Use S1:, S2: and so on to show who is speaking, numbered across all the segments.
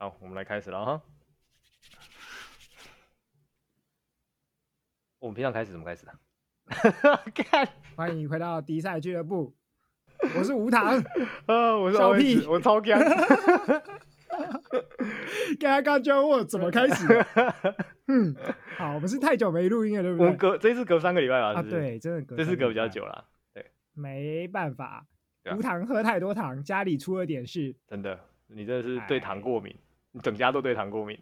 S1: 好，我們來開始了哈。我們平常開始怎麼開始的？
S2: 歡迎回到迪賽俱樂部，我是無糖，呃、哦，我是小屁，我超乾。哈哈哈哈怎麼開始？哈、 嗯、好，我們是太久沒錄音了，對不對，我們
S1: 隔這次隔三個禮拜吧，啊，對真的隔這次隔比較久了，對，
S2: 沒辦法，無、啊、糖喝太多糖，家裡出了點事。
S1: 真的，你這是對糖過敏。你整家都對糖過敏，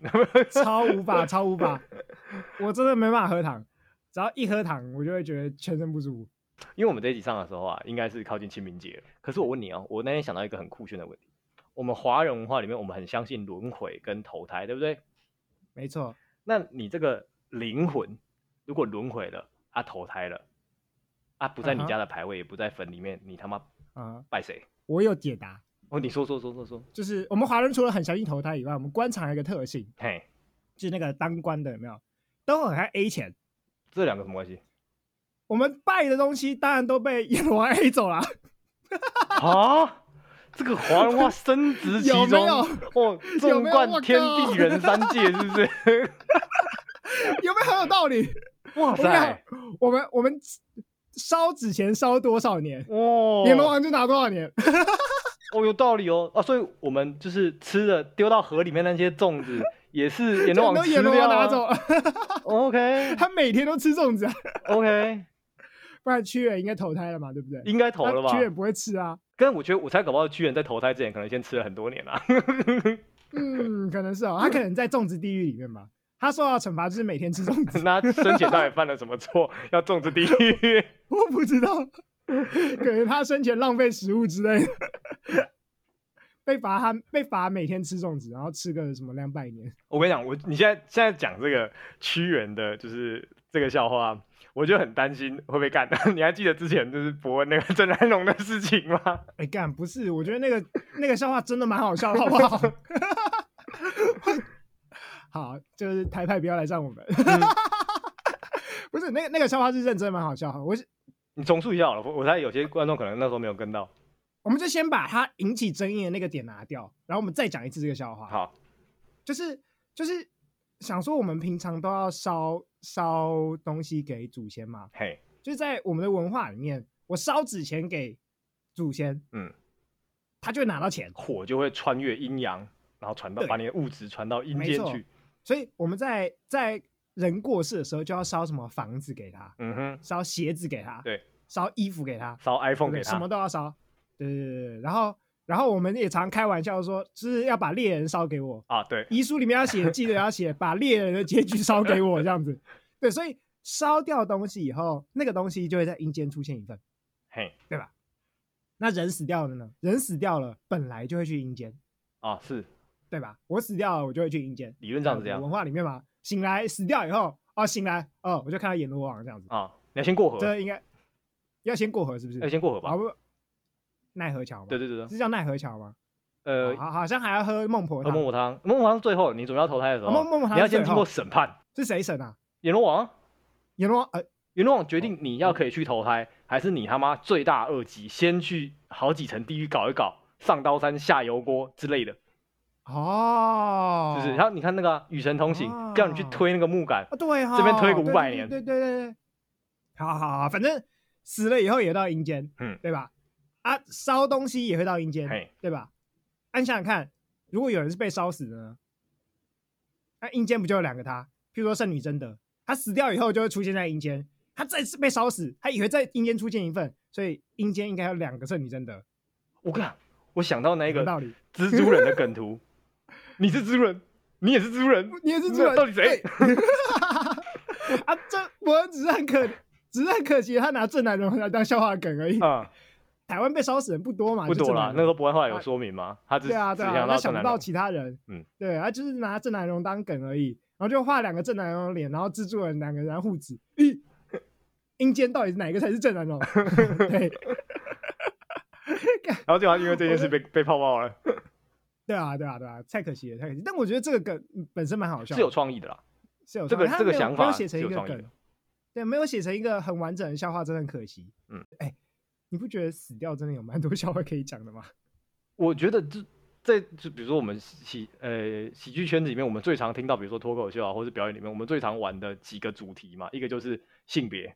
S2: 超無法，超無法， 我真的沒辦法喝糖，只要一喝糖，我就會覺得全身不舒服。
S1: 因為我們這集上的時候啊，應該是靠近清明節，可是，我問你哦、啊，我那天想到一個很酷炫的問題：我們華人文化裡面，我們很相信輪迴跟投胎，對不對？沒錯。那你這個靈魂如果輪迴了，啊投胎了，啊不在你家的牌位、uh-huh. 也不在墳裡面，你他媽啊、uh-huh. 拜誰？我有解答。哦，你說說說說說，就是
S2: 我們華人除了很相信投胎以外，我們官場還有一個特性，嘿，就是那個當官的有沒有都很愛
S1: A 錢。這兩個什麼關係？
S2: 我們拜的東西當然都被閻羅王 A 走了。
S1: 啊， 這個華人哇，深植其中，
S2: 哇， 縱貫、哦、天地人三界，是不
S1: 是？
S2: 有沒有很有道理？哇塞，我們我們，我們燒紙錢燒多少年，哇、哦，閻羅王就拿多少年。
S1: 哦、oh，有道理哦啊，所以我們就是吃的丟到河裡面那些粽子，也是 也能往吃要拿
S2: 走。 OK，他每天都吃粽子。啊。OK，不然屈原應該投胎了嘛，對不對？應該投了吧？屈原不會吃啊。
S1: 跟我覺得，我才搞不懂屈原在投胎之前可能先吃了很多年啊。
S2: 嗯，可能是哦，他可能在粽子地獄裡面吧。他受到的懲罰就是每天吃粽子。 那孫姐到底
S1: 犯了什麼錯 要粽子地
S2: 獄？我不知道。 可能他生前浪費食物之類的，被罰他被罰每天吃粽子，然後吃個什麼兩百年。
S1: 我跟你講，我你現在現在講這個屈原的，就是這個笑話，我就很擔心會被幹。你還記得之前就是播那個鄭南榕的事情嗎？
S2: 沒、欸、幹，不是，我覺得那個那個笑話真的蠻好笑，好不好？
S1: 好，
S2: 就是台派不要來戰我們、
S1: 嗯。
S2: 不是那個那個笑話是認真蠻好笑哈，我。
S1: 你重述一下好了，我我猜有些觀眾可能那時候沒有跟到，
S2: 我們就先把它引起爭議的那個點拿掉，然後我們再講一次這個笑話。好，就是就是想說，我們平常都要燒燒東西給祖先嘛，嘿、hey，就是在我們的文化裡面，我燒紙錢給祖先，嗯，他就會拿到錢，火
S1: 就會穿越陰陽，然後傳到把你的物質傳到陰間去，
S2: 所以我們在在。人過世的時候就要燒什麼房子給他，嗯哼，燒鞋子給他，對，燒衣服給他，
S1: 燒 iPhone 給他，什麼都
S2: 要燒。對對對對，然後，然後我們也常開玩笑說，是要把獵人燒給我啊。對，遺書裡面要寫，記得要寫， 把獵人的結局燒給我這樣子。對，所以燒掉東西以後，那個東西就會在陰間出現一份。嘿，對吧？那人死掉了呢？人死掉了，本來就會去陰間啊，是，對吧？我死掉了，我就會去陰間。理論上是這樣，這樣、呃，文化裡面嘛。醒來死掉以後，哦，醒來，哦，我就看到閻羅王這樣子啊。你
S1: 要先過河，這應
S2: 該要先過河，是不是？要先過河吧？啊不，奈何橋
S1: 對對對,對是叫奈何橋嗎？呃、哦好，好像還要喝孟婆湯。孟婆湯，孟婆湯最後你總要投胎的時候，啊、孟孟婆湯你要先經過審判，是誰審啊？閻羅王，閻羅呃閻羅王決定你要可以去投胎，哦、還是你他媽罪大惡極，先去好幾層地獄搞一搞，上刀山下油鍋之類的。哦，就是，然後你看那個《與神同行》oh.，叫你去推那個木杆，啊、oh,，對啊、哦。這邊推個五百年，對對對，對。好
S2: 好，好，反正死了以後也會到陰間，嗯，對吧？啊，燒東西也會到陰間，對吧？那你想想看，如果有人是被燒死的，呢？那陰間不就有兩個他？譬如說聖女貞德，他死掉以後就會出現在陰間，他再次被燒死，他也會在陰間出現一份，所以陰間應該有兩個聖女貞德。我看
S1: 我想到那個道理，蜘蛛人的梗圖。 你是蜘蛛人，你也是蜘蛛人，你也是蜘蛛人，到底誰？
S2: 啊，這我只是很可，只是很可惜他拿鄭南榕來當笑話梗而已。啊，台灣被燒死人不多嘛，不多了。那個
S1: 博文後來有說明嗎？他只是、啊啊、想，到，想不到其他人，嗯，
S2: 對，他就是拿鄭南榕當梗而已，然後就畫兩個鄭南榕的臉，然後蜘蛛人兩個人護指。咦、欸，陰 間到底是哪一個才是鄭南榕 對，
S1: 然後最後因為這件事被被泡泡了。
S2: 對啊，對，啊對啊，對啊，對啊，太可惜了，太可惜。但我覺得這個梗本身蠻好笑，是有創意的啦。是有這個有這個想法沒有寫成一個梗，有創意的。對，沒有寫成一個很完整的笑話，真的很可惜。嗯，哎，你不覺得死掉真的有蠻多笑話可以講的嗎？
S1: 我覺得這在就比如說我們喜呃喜劇圈子裡面，我們最常聽到，比如說脫口秀啊，或者是表演裡面，我們最常玩的幾個主題嘛，一個就是性別，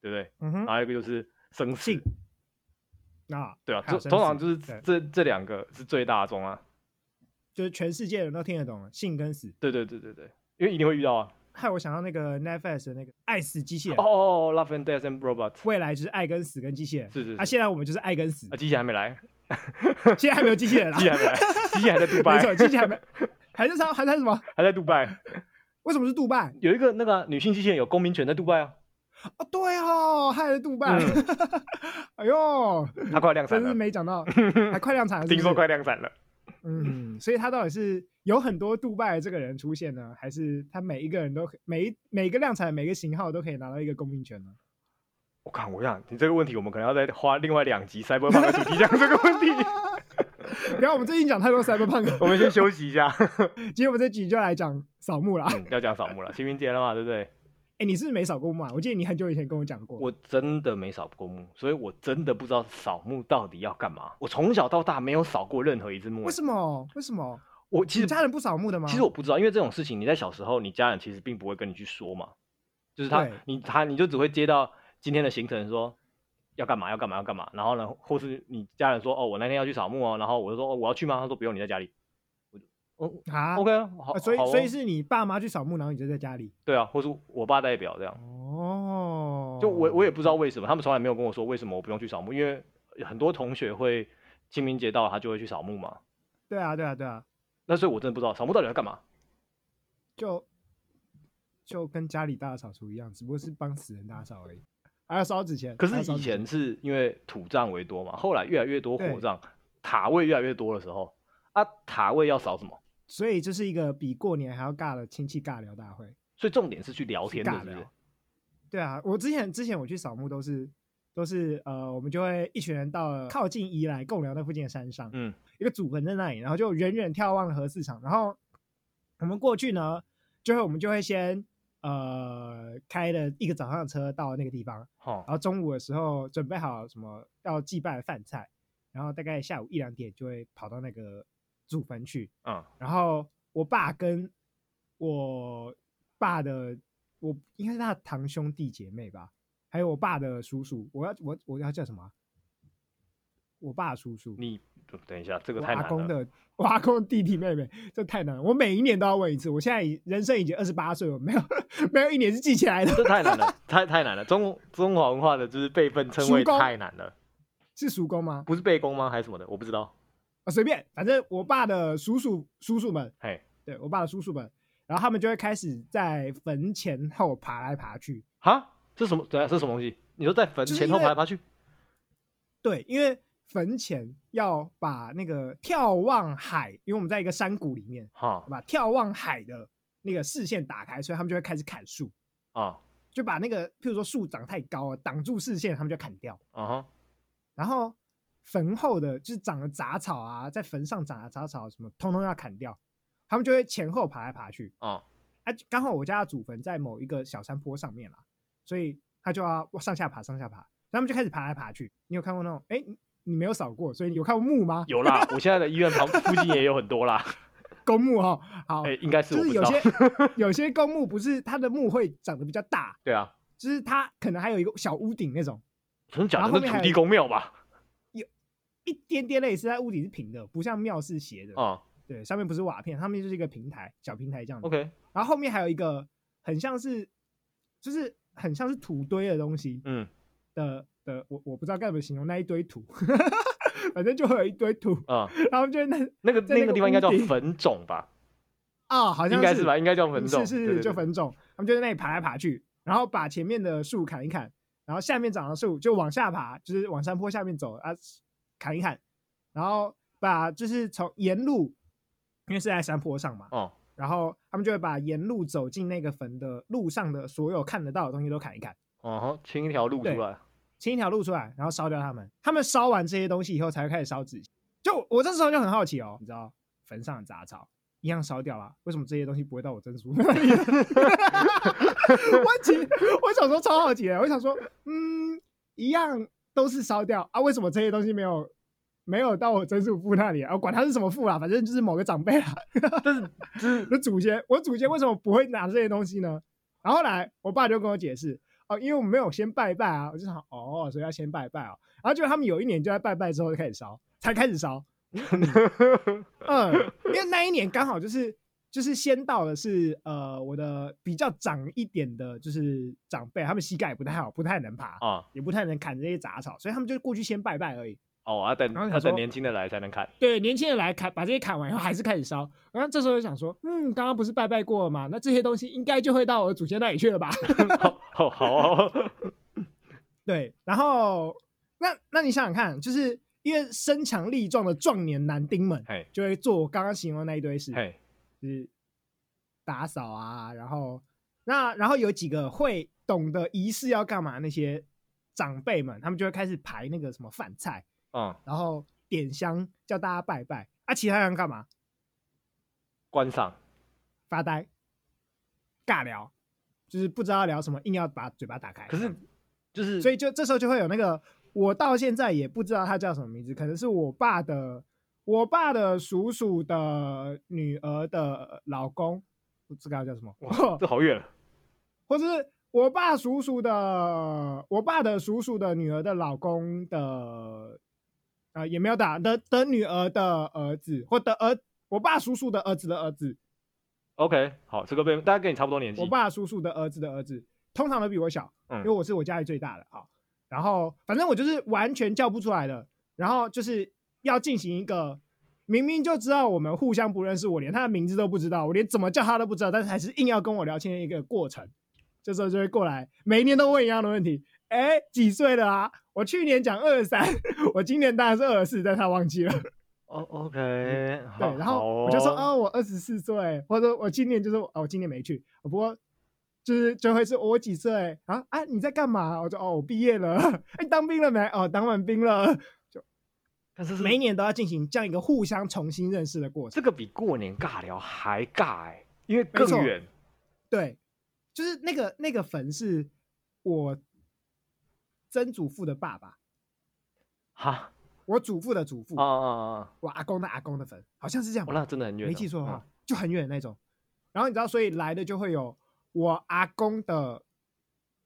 S1: 對不對？嗯哼。還有一個就是生死，
S2: 那、啊、對啊，就通常就是這
S1: 這兩個是最大宗啊。
S2: 就是全世界人都聽得懂了，性跟死。
S1: 對對對對對，因為一定會遇到啊。
S2: 害我想到那個 Netflix 的那個
S1: 愛死機器人。哦、oh, 哦、oh,，Love and Death and Robots。未來就是愛跟死跟機器人。是,是是。啊，現在我們就是愛跟死。啊，機器人還沒來。 現在還沒有機器人，機器人還沒來，機器人還在杜拜。 沒錯，機器人還,還在商，還在什麼？還在杜拜。
S2: 為什麼是杜拜？
S1: 有一個那個女性機器人有公民權在杜拜啊。啊、
S2: 哦，對哦，還在杜拜。嗯、
S1: 哎呦。它快量產了。真是沒講到， 還快量產。聽 說快量產了。
S2: 嗯、嗯，所以他到底是有很多杜拜的這個人出現呢，還是他每一個人都每一每一個量產每個型號都可以拿到一個公平權呢？哦、
S1: 我看我想你這個問題，我們可能要再花另外兩集 Cyberpunk 主題講這個問題。
S2: 你 看 我們最近講太多 Cyberpunk， 我們先休息一下。 今天我們這集就來講掃墓了，
S1: 嗯、要講掃墓了，清明節了嘛，對不對？
S2: 哎，你是不是沒掃過墓啊？我記得你很久以前跟我講過。
S1: 我真的沒掃過墓，所以我真的不知道掃墓到底要幹嘛。我從小到大沒有掃過任何一次墓。為什
S2: 麼？為什麼？我其實家人不掃墓的嗎？
S1: 其實我不知道，因為這種事情你在小時候，你家人其實並不會跟你去說嘛。
S2: 就是他，
S1: 你他你就只會接到今天的行程，說要幹嘛要幹嘛要幹嘛，然後呢，或是你家人說哦，我那天要去掃墓哦，然後我就說哦，我要去嗎？他說不用，你在家裡。哦啊，OK 好，啊、所以所以是你
S2: 爸媽去掃墓，然後你就在家裡。
S1: 對啊，或者我爸代表這樣。哦，就我我也不知道為什麼，他們從來沒有跟我說為什麼我不用去掃墓，因為很多同學會清明節到了他就會去掃墓嘛。
S2: 對啊，對啊，對啊。
S1: 那所以我真的不知道掃墓到底要幹嘛，
S2: 就就跟家裡大
S1: 掃除一樣，只不過是
S2: 幫死人大掃而已。還要燒紙錢。可是以
S1: 前是因為土葬為多嘛，後來越來越多火葬塔位越來越多的時候，啊塔位要掃什麼？
S2: 所以這是一個比過年還要尬的親戚尬聊大會。
S1: 所以重點是去聊天是不是？尬聊。對？
S2: 對啊，我之前之前我去掃墓都是都是呃，我們就會一群人到了靠近宜蘭共聊那附近的山上，嗯，一個祖墳在那裡，然後就遠遠眺望了核四廠，然後我們過去呢，就會我們就會先呃開了一個早上的車到那個地方，好、哦，然後中午的時候準備好什麼要祭拜的飯菜，然後大概下午一兩點就會跑到那個。祖墳去，嗯，然後我爸跟我爸的，我應該是他的堂兄弟姐妹吧，還有我爸的叔叔，我要我我要叫什麼？
S1: 我爸叔叔，你等一下，這個太難了。我阿公的，
S2: 我阿公的弟弟妹妹，這太難了。我每一年都要問一次，我現在人生已經二十八歲了，我沒有沒有一年是記起來的，這太難了，
S1: 太太難了。中中華文化的就是輩分稱謂太難了，是叔公嗎？不是輩公嗎？還是什麼的？我不知道。
S2: 啊、隨便，反正我爸的叔叔叔叔們，嘿對，我爸的叔叔們，然後他們就會開始在墳前後爬
S1: 來爬去。哈，這是什麼？對，這什麼東西？你說在墳前後爬來爬去？就是、
S2: 對，因為墳前要把那個眺望海，因為我們在一個山谷裡面，哈，把眺望海的那個視線打開，所以他們就會開始砍樹啊，就把那個，譬如說樹長太高了擋住視線，他們就砍掉啊哈，然後。墳後的就是長了雜草啊，在墳上長了雜草，什麼通通要砍掉，他們就會前後爬來爬去。嗯、啊，哎，剛好我家的祖墳在某一個小山坡上面了，所以他就要上下，上下爬，上下爬，他們就開始爬來爬去。你有看過那種？哎、欸，你沒有掃過，所以你有看過墓嗎？有啦，
S1: 我現在的醫院旁附近也有很多啦，
S2: 公墓哈、
S1: 哦。好，哎、欸，應該是我就是有些
S2: 有些公墓不是它的墓會長得比較大， 對啊，就是它可能還有一個小屋頂那種，
S1: 真的講的？是土地公廟吧？
S2: 一點點類似在屋頂是平的，不像廟是斜的哦，對，上面不是瓦片，上面就是一個平台，小平台這樣的 OK，然後後面還有一個很像是，就是很像是土堆的東西。嗯，的的，我我不知道該怎麼形容那一堆
S1: 土，
S2: 反正就會有一堆土啊、哦。然後就那那個那個，那個地方應該叫墳塚吧？哦，好像是，應該是吧，應該叫墳塚，是，是對對對就墳塚。他們就在那裡爬來爬去，然後把前面的樹砍一砍，然後下面長的樹就往下爬，就是往山坡下面走啊。砍一砍，然後把就是從沿路，因為是在山坡上嘛，哦，然後他們就會把沿路走進那個墳的路上的所有看得到的東西都砍一砍，哦，
S1: 清一條路出來，
S2: 清一條路出來，然後燒掉他們。他們燒完這些東西以後，才會開始燒紙。就我這時候就很好奇哦，你知道墳上的雜草一樣燒掉了，為什麼這些東西不會到我證書？哈哈哈，我小時候我想說超好奇的，我想說，嗯，一樣。都是燒掉啊，為什麼這些東西沒有沒有到我曾祖父那裡啊？我管他是什麼父啊，反正就是某個長輩啊，哈哈。我的祖先，我祖先為什麼不會拿這些東西呢？然後後來，我爸就跟我解釋哦，啊，因為我沒有先拜拜啊，我就想哦，所以要先拜拜哦，啊。然後就他們有一年就在拜拜之後就開始燒，才開始燒， 嗯，因為那一年剛好就是。就是先到的是呃我的比較長一點的，就是長輩，他們膝蓋不太好，不太能爬啊、哦，也不太能砍這些雜草，所以他們就過去先拜拜而已。
S1: 哦，啊等，等他、啊、等年輕的來才能砍。
S2: 對，年輕的來砍，把這些砍完以後還是開始燒。然後這時候就想說，嗯，剛剛不是拜拜過了嗎？那這些東西應該就會到我的祖先那裡去了吧？ 好，好，
S1: 好。
S2: 好 對，然後那那你想想看，就是因為身強力壯的壯年男丁們，就會做我剛剛形容的那一堆事。就是打掃啊，然後那然後有幾個會懂得儀式要幹嘛那些長輩們，他們就會開始排那個什麼飯菜，嗯，然後點香叫大家拜拜。啊，其他人幹嘛？
S1: 觀賞、
S2: 發呆、尬聊，就是不知道聊什麼，硬要把嘴巴打開。可是，就是所以就這時候就會有那個我到現在也不知道他叫什麼名字，可能是我爸的。我爸的叔叔的女兒的老公，不知道叫什麼？哇，這好遠。或者是我爸叔叔的，我爸的叔叔的女兒的老公的，啊、呃，也沒有打的的女兒的兒子，或的兒，我爸叔叔的
S1: 兒子的兒子。OK，好，這個輩大概跟你差不多年紀。我爸
S2: 叔叔的兒子的兒子，通常都比我小，嗯、因為我是我家裡最大的啊、哦。然後，反正我就是完全叫不出來的，然後就是。要進行一個明明就知道我們互相不認識，我連他的名字都不知道，我連怎麼叫他都不知道，但是還是硬要跟我聊天的一個過程。這時候就會過來，每一年都問一樣的問題，哎、欸，幾歲了啊？我去年講二十三，我今年大概是二十四，但他忘記了。
S1: 哦 OK，對好，然後我就說，哦，
S2: 我二十四歲，或者我今年就說、是、哦，我今年沒去，不過就是就會是我幾歲啊？啊？你在幹嘛？我就哦，我畢業了，哎、欸，你當兵了沒？哦，當完兵了。每一年都要進行這樣一個互相重新認識的過程，這個比過年
S1: 尬聊還尬。哎、欸，
S2: 因為更遠。對，就是那個那個墳是我曾祖父的爸爸，
S1: 哈，
S2: 我祖父的祖父啊啊啊，我阿公的阿公的墳，好像是這樣，我那真的很遠，沒記錯的話、啊，就很遠那種。然後你知道，所以來的就會有我阿公的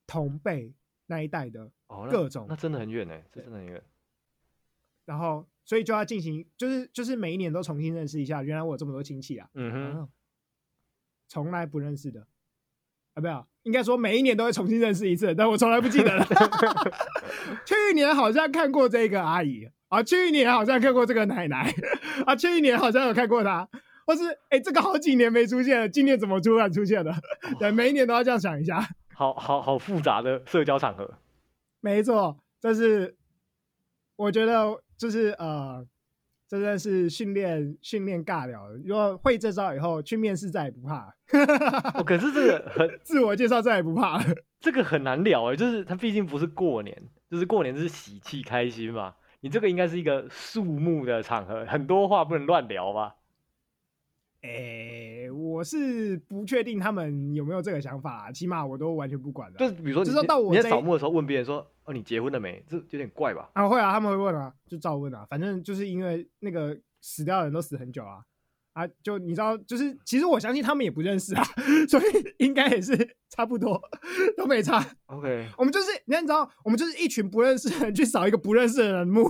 S2: 同輩那一代的
S1: 哦，各種，那真的很遠呢、欸，是真的很遠。
S2: 然後，所以就要進行，就是就是每一年都重新認識一下，原來我有這麼多親戚啊，嗯哼，從來不認識的啊，沒有，應該說每一年都會重新認識一次，但我從來不記得了。 去年好像看過這個阿姨啊，去年好像看過這個奶奶啊，去年好像有看過她，或是哎、欸，這個好幾年沒出現，今年怎麼突然出現了、哦對，每一年都要這樣想一下，
S1: 好好好複雜的社交場合。
S2: 沒錯，但是我覺得。就是呃，真的是訓練訓練尬聊。如果會這招以後去面試再也不怕 、
S1: 哦。可是這個很
S2: 自我介紹再也不怕。
S1: 這個很難聊誒、欸，就是它畢竟不是過年，就是過年就是喜氣開心嘛。你這個應該是一個肅穆的場合，很多話不能亂聊吧。
S2: 哎、欸，我是不確定他們有沒有這個想法、啊，起碼我都完全不
S1: 管了。就是比如說你，就到我在掃墓的時候問別人說：“哦，你結婚了沒？”這有點怪吧？
S2: 啊，會啊，他們會問啊，就照問啊。反正就是因為那個死掉的人都死很久啊，啊，就你知道，就是其實我相信他們也不認識啊，所以應該也是差不多都沒差。
S1: OK，我
S2: 們就是，你看你知道，我們就是一群不認識的人去掃一個不認識的人墓。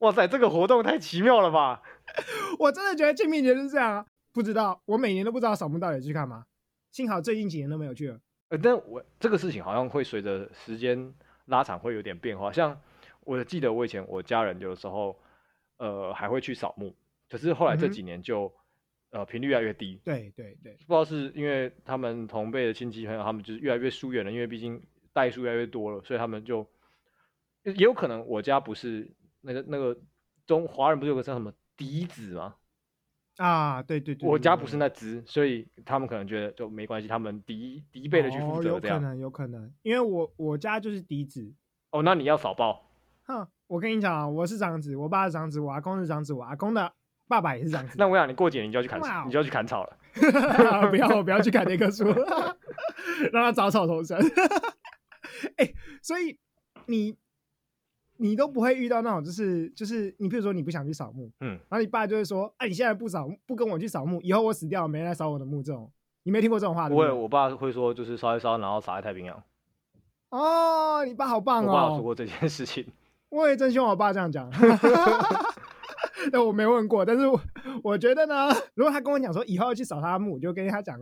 S1: 哇塞，這個活動太奇妙了吧！
S2: 我真的覺得清明節是這樣啊。不知道，我每年都不知道掃墓到底去幹嘛。幸好最近幾年都沒有去了。
S1: 呃，但我這個事情好像會隨着時間拉長，會有點變化。像我記得我以前我家人有的時候，呃，還會去掃墓，可是後來這幾年就、嗯、呃頻率越來越低。
S2: 對對對，
S1: 不知道是因為他們同輩的親戚朋友，他們就是越來越疏遠了，因為畢竟代數越來越多了，所以他們就也有可能。我家不是那個那個中華人，不是有個叫什麼嫡子嗎？
S2: 啊，對，對對對，我家不是那
S1: 子，所以他們可能覺得就沒關係，他們第一、第一輩，的去負責、哦、有這樣，可能有可能，因為我我家就是嫡子，哦，那你要少報，
S2: 哼，我跟你講啊，我是長子，我爸是長子，我阿公是長子，我阿公的爸爸也是長子，
S1: 那 我想你，你過節，你就要去砍，wow. 你就要去砍草了， 我不要我不要去砍那棵樹，
S2: 讓他雜草叢生，哎、 欸，所以你。你都不會遇到那種就是就是，你比如說你不想去掃墓，嗯，然後你爸就會說，哎、啊，你現在不掃不跟我去掃墓，以後我死掉了，沒人來掃我的墓，這種你沒聽過這種話的？不會，我
S1: 爸會說就是燒一燒，然後撒在太平洋。
S2: 哦，你爸好棒哦！我爸說
S1: 過這件事情，
S2: 我也真希望我爸這樣講。但 我沒問過，但是我我覺得呢，如果他跟我講說以後要去掃他的墓，我就跟他講。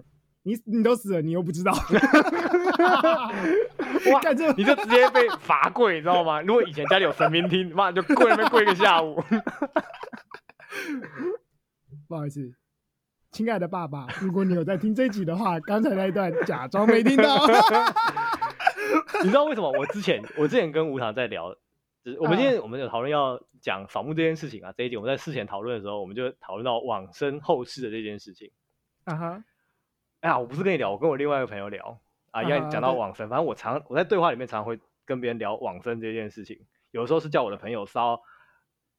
S2: 你你都死了，你又不知道，
S1: 哇！你就直接被罰跪，你 知道嗎？如果以前家裡有神明廳，媽就跪沒跪個下午。
S2: 不好意思，親愛的爸爸，如果你有在聽這一集的話，剛 才那一段假裝沒聽到。
S1: 你知道為什麼？我之前我之前跟無糖在聊， 就是我們今天我們有討論要講掃墓這件事情啊。Uh -huh. 這一集我們在事前討論的時候，我們就討論到往生後事的這件事情。啊哈。啊，我不是跟你聊，我跟我另外一個朋友聊啊。因為講到往生，okay. 反正我常我在對話裡面，常會跟別人聊往生這件事情。有的時候是叫我的朋友燒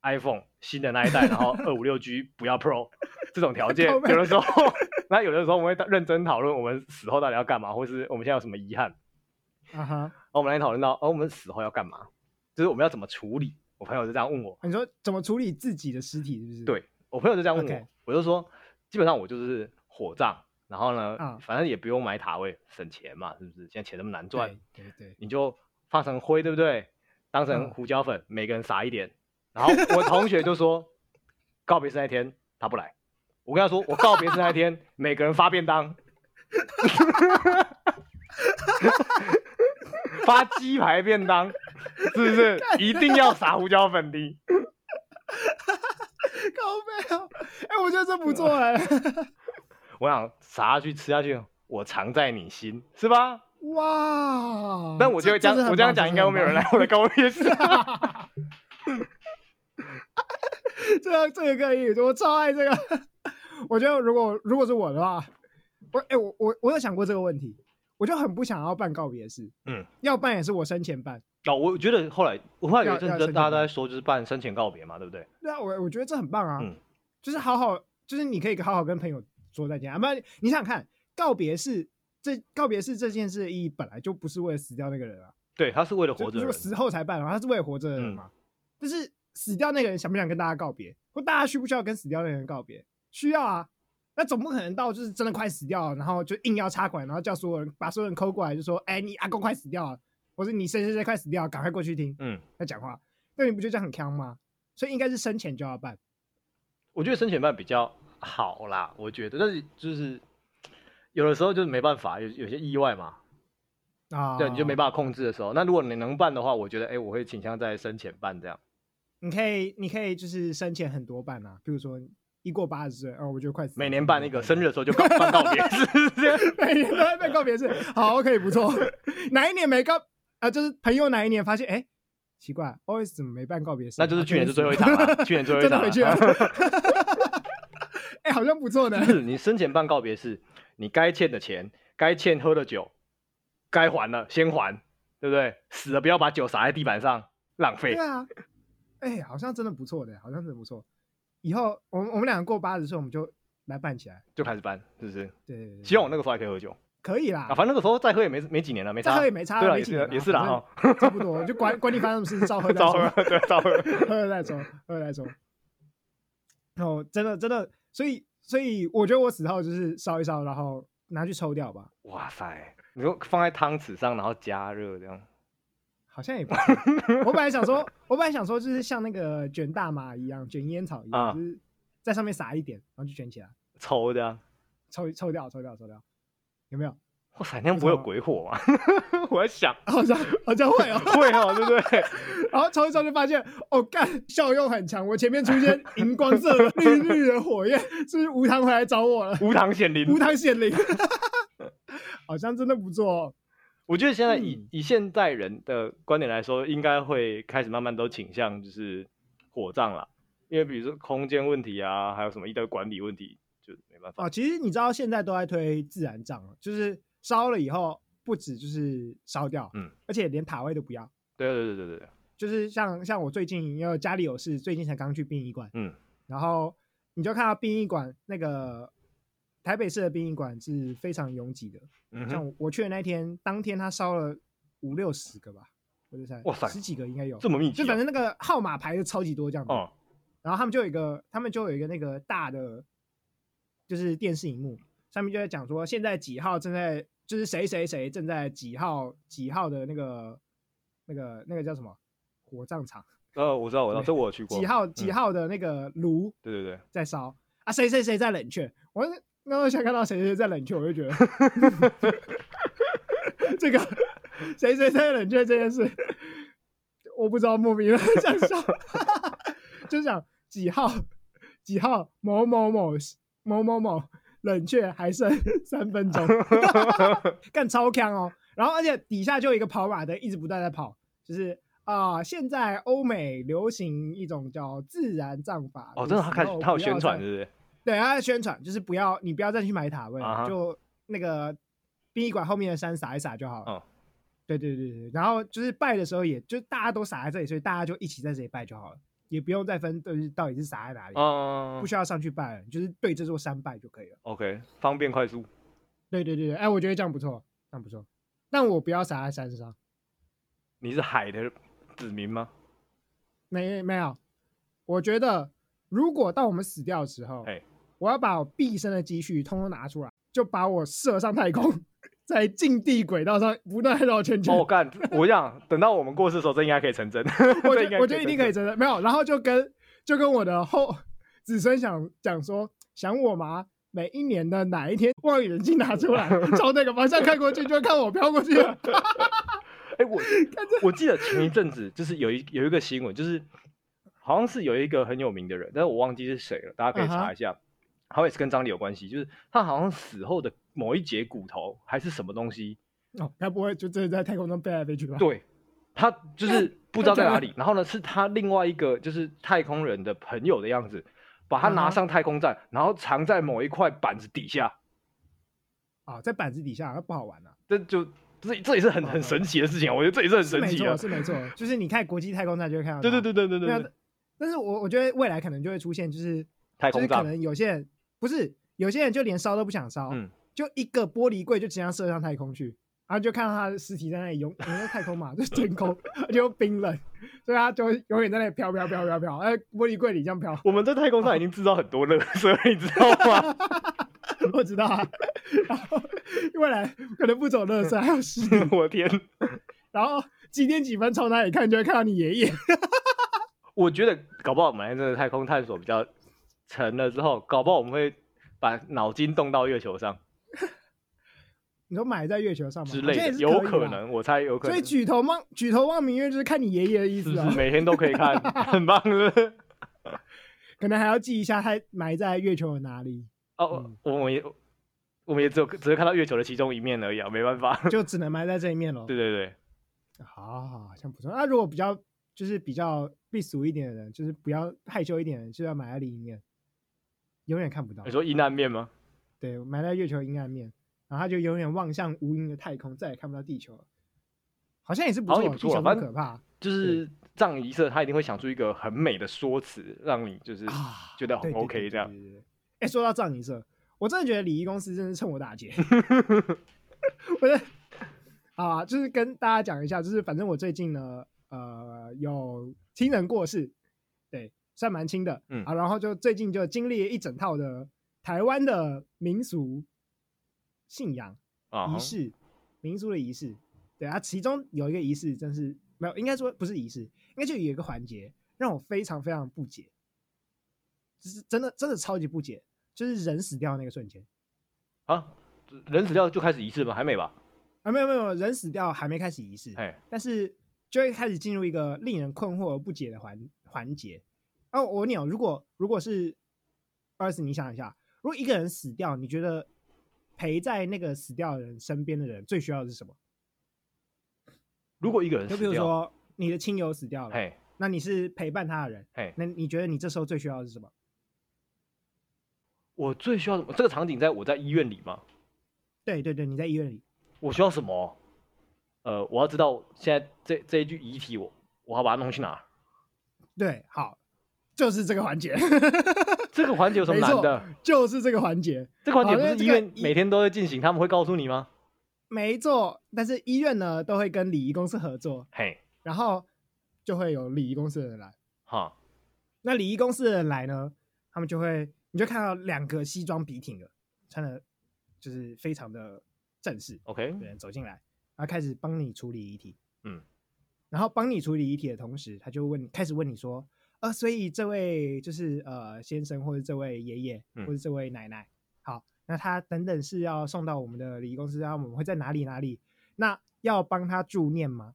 S1: iPhone 新的那一代， 然後256 G 不要 Pro 這種條條件。 有的時候，那 有的時候我們會認真討論我們死後到底要幹嘛，或是我們現在有什麼遺憾。啊哈，我們來討論到，哦、啊，我們死後要幹嘛？就是我們要怎麼處理？我朋友就這樣問我，
S2: 你說怎麼處理自己的屍體是不是？對，
S1: 我朋友就這樣問我，okay. 我就說，基本上我就是火葬。然後呢，uh, 反正也不用買塔位，省錢嘛，是不是？現在錢那麼難賺，對對，對，你就放成灰，對不對？當成胡椒粉，嗯、每個人撒一點。然後我同學就說， 告別式那天他不來，我跟他說，我告別式那天， 每個人發便當， 發雞排便當，是不是？一定要撒胡椒粉的。
S2: 靠北哦哎，我覺得這不錯哎、欸。
S1: 我想撒下去吃下去，我藏在你心，是吧？
S2: 哇、wow！但我就這樣這，我這樣講應該會沒有人來
S1: 我的告別式。哈哈哈哈哈，
S2: 這 這個可以，我超愛這個。 我覺得如果如果是我的話，我、欸、我我我有想過這個問題，我就很不想要辦告別式。嗯，要辦也是我生前辦。
S1: 我、哦、我覺得後來我後來有一陣子，大家都在說，就是辦生前告別嘛，對不對？
S2: 對啊，我我覺得這很棒啊。嗯，就是好好，就是你可以好好跟朋友。說再見啊！不然，你想想看，告別式這，告別式這件事的意義本來就不是為了死掉那個人啊。
S1: 對，他是為了活着的，如果死後
S2: 才辦的話，他是為了活着的人嘛、嗯。但是死掉那個人想不想跟大家告別，或大家需不需要跟死掉那個人告別？需要啊。那總不可能到就是真的快死掉了，然後就硬要插管，然後叫所有人把所有人摳過來，就說：“哎、欸，你阿公快死掉了，或者你誰誰誰快死掉了，趕快過去聽。”嗯，他講話。那你不覺得這樣很鏘嗎？所以應該是生前就要辦。
S1: 我覺得生前辦比較。好啦，我覺得，但是就是有的時候就是沒辦法，有有些意外嘛
S2: 啊、哦，對，你就沒
S1: 辦法控制的時候。那如果你能辦的話，我覺得哎、欸，我會傾向在生前辦這樣。
S2: 你可以，你可以就是生前很多辦啊，比如說一過八十歲啊、哦，我覺得快死
S1: 了。每年辦那個生日的時候就辦告別式。 每年
S2: 辦辦告別式。好，OK，不錯。 哪一年沒告啊、呃？就是朋友哪一年發現哎，奇怪，always 怎麼沒辦告別式？那就是去年是最後一場了，啊、 去年最後一場。回去。
S1: 欸、好像不錯的是是，你生前辦告別式，你該欠的錢、該欠喝的酒，該還的先還，對不對？死了不要把酒灑在地板上，浪費。對啊，
S2: 哎、欸，好像真的不錯的，好像真的不錯。以後我們我們兩個過八十歲，我們就來辦起來，
S1: 就開始辦，是不是？對，對，對，對，希望我那個時候還可以喝酒，
S2: 可以啦。啊，反
S1: 正那個時候再喝也沒沒幾年了，沒差也沒差，啊對啊沒了，對啊，也是，也是啦啊、哦，差
S2: 不多就管關你發生什麼事，早喝早 喝對早喝喝再喝來着。哦、oh,，真的真的。所以，所以我覺得我死後就是燒一燒，然後拿去抽掉吧。哇塞！
S1: 你就放在湯匙上，然後加熱這樣，好像也不是。 我本來想說，
S2: 我本來想說，就是像那個捲大麻一樣，捲菸草一樣，嗯，就
S1: 是
S2: 在上面撒一點，然後就捲起來抽掉，抽抽掉，抽掉，抽掉，
S1: 有沒有？我反正不會有鬼火嘛，我在想好，好
S2: 像好像會哦、喔喔，
S1: 會哦，對不對，對？
S2: 然後抽一抽就發現，哦幹，效用很強。我前面出現熒光色、綠綠的火焰， 是不是無糖回來找我了？無糖顯靈，無糖顯靈，好像真的不錯
S1: 哦。我覺得現在以、嗯、以現代人的觀點來說，應該會開始慢慢都傾向就是火葬了，因為比如說空間問題啊，還有什麼醫療管理問題，就沒辦法、啊、
S2: 其實你知道，現在都在推自然葬，就是。燒了以後，不止就是燒掉，嗯，而且連塔位都不要。
S1: 對對對對對，
S2: 就是像像我最近因為家裡有事，最近才剛去殯儀館，嗯，然後你就看到殯儀館那個台北市的殯儀館是非常擁擠的，嗯，像我去的那天，當天他燒了五六十個吧，我就猜，哇塞，十幾個應該有這麼密集，啊，就反正那個號碼牌就超級多這樣子，嗯，然後他們就有一個，他們就有一個那個大的，就是電視熒幕上面就在講說現在幾號正在。就是誰誰誰正在幾號幾號的那個那個那個叫什麼火葬場？
S1: 呃、啊，我知道，我知道，這我去過。幾號幾號、嗯、
S2: 的那個爐？對對對,對，在燒啊！誰誰誰在冷卻？我那時想看到誰誰在冷卻，我就覺得 這個誰誰誰冷卻這件事，我不知道莫名的想笑, 就想，就是想幾號幾號某某某,某某某某。冷卻還剩三分鐘， 幹超鏘哦！然後而且底下就有一個跑馬燈，一直不斷在跑，就是啊、呃，現在歐美流行一種叫自然葬法。哦，真的？他開始他有宣傳，他有宣傳
S1: 是不是？
S2: 對，他在宣傳，就是不要你不要再去買塔位，uh -huh. 就那個殯儀館後面的山撒一撒就好了。Uh -huh. 對對對對，然後就是拜的時候也，也就大家都撒在這裡，所以大家就一起在這裡拜就好了。也不用再分，就是到底是撒在哪裡，uh, 不需要上去拜了，就是對這座山拜就可以
S1: 了。OK，方便快速。
S2: 對對對對，哎、欸，我覺得這樣不錯，這樣不錯。但我不要撒在
S1: 山上。你是海的子民嗎？
S2: 沒沒有，我覺得如果當我們死掉的時候，哎、hey.，我要把我畢生的積蓄通通拿出來，就把我射上太空。在近地軌道上不斷繞圈
S1: 圈。哦，幹，我想等到我們過世的時候，這應該可以成真， 覺得 可以成真。我我一定
S2: 可以成真，沒有。然後就跟就跟我的後子孫講講說，想我嗎？每一年的哪一天，望遠鏡拿出來， 朝那個方向看過去，就會看我飄過去。哎、 欸，
S1: 我 我記得前一陣子就是有一有一個新聞，就是好像是有一個很有名的人，但是我忘記是誰了，大家可以查一下。Uh-huh. 好，也是跟張力有關係，就是他好像死後的某一節骨頭還是什麼東西
S2: 哦，他不會就真的在太空中飛來飛去吧？對，
S1: 他就是不知道在哪裡。 然後呢，是他另外一個就是太空人的朋友的樣子，把他拿上太空站，然後藏在某一塊板子底下。
S2: 啊、哦，在板子底下，那不好玩呢、啊。
S1: 這就這這也是很很神奇的事情，哦、我覺得這也是很神奇的。是沒錯，
S2: 就是你看國際太空站就會看到，對對對對對對，對。但是我，我我覺得未來可能就會出現、就是，就是太空站可能有些人。不是有些人就連燒都不想燒，嗯，就一個玻璃櫃就直接上射上太空去，然後就看到他的屍體在那裡，永留在太空嘛，就是真空 就冰冷，所以他就永遠在那裡飄飄飄飄飄在玻璃櫃裡這樣飄。
S1: 我們在太空上已經製造很多垃圾，所以你知道嗎？
S2: 我知道、啊，然後未來可能不走垃圾，還有屍體， 我的天！然後幾點幾分從哪裡看，就會看到你爺爺？
S1: 我覺得搞不好我們來太空探索比較。成了之後，搞不好我們會把腦筋動到月球上。
S2: 你說埋在月球上嗎？之類的是，有可能，
S1: 我猜有可能。所以舉
S2: 頭望，舉頭望明月，就是看你爺爺的意思啊。每
S1: 天都可以看， 很棒是不是？
S2: 可能還要記一下，他埋在月球的哪裡。哦，嗯、我
S1: 們也，我們也只有，只是看到月球的其中一面而已啊，沒辦法，
S2: 就只能埋在這一面嘍。對
S1: 對對，好
S2: 好，好像不錯。那如果比較，就是比較避俗一點的人，就是不要害羞一點的人，就是，一點的人就要埋在另一面。永遠看不到。你
S1: 說陰暗面嗎、啊？
S2: 對，埋在月球陰暗面，然後他就永遠望向無垠的太空，再也看不到地球了。好像也是不錯，不錯，蠻可怕。
S1: 就是葬儀社，他一定會想出一個很美的說辭，讓你就是覺得很 OK 這樣。
S2: 哎、啊欸，說到葬儀社，我真的覺得禮儀公司真的是趁火打劫。不 是，啊，就是跟大家講一下，就是反正我最近呢，呃，有親人過世，對。算蠻輕的，嗯啊，然後就最近就經歷了一整套的台灣的民俗信仰，啊，儀式，民俗的儀式，對啊，其中有一個儀式真是沒有，應該說不是儀式，應該就有一個環節讓我非常非常不解，就是真的真的超級不解，就是人死掉那個瞬間，
S1: 啊，人死掉就開始儀式嗎？還沒吧？
S2: 啊，沒有沒有，人死掉還沒開始儀式，哎，但是就會開始進入一個令人困惑而不解的環環節。哦，我問你，如果如果是，不好意思，你想一下，如果一個人死掉，你覺得陪在那個死掉的人身邊的人最需要的是什麼？
S1: 如果一個人死掉，就比如說
S2: 你的親友死掉了，那你是陪伴他的人，那你覺得你這時候最需要的是什麼？
S1: 我最需要什麼？這個場景在我在醫院裡嗎？
S2: 對對對，你在醫院裡。
S1: 我需要什麼？呃，我要知道現在這這一具遺體我，我我要把它弄去哪兒？
S2: 對，好。就是這個環節，
S1: 這個環節有什麼難的？
S2: 就是這個環節，這個環節不是醫院每
S1: 天都會進行，這個、他們會告訴你嗎？
S2: 沒錯，但是醫院呢都會跟禮儀公司合作，嘿、hey.，然後就會有禮儀公司的人來。好、huh.，那禮儀公司的人來呢，他們就會你就看到兩個西裝筆挺的，穿的就是非常的正式，OK，人走進來，然後開始幫你處理遺體，嗯，然後幫你處理遺體的同時，他就問，開始問你說。呃、哦，所以這位就是呃先生，或者這位爺爺，或者這位奶奶、嗯，好，那他等等是要送到我們的禮儀公司，然後我們會在哪裡？哪裡？那要幫他助念嗎？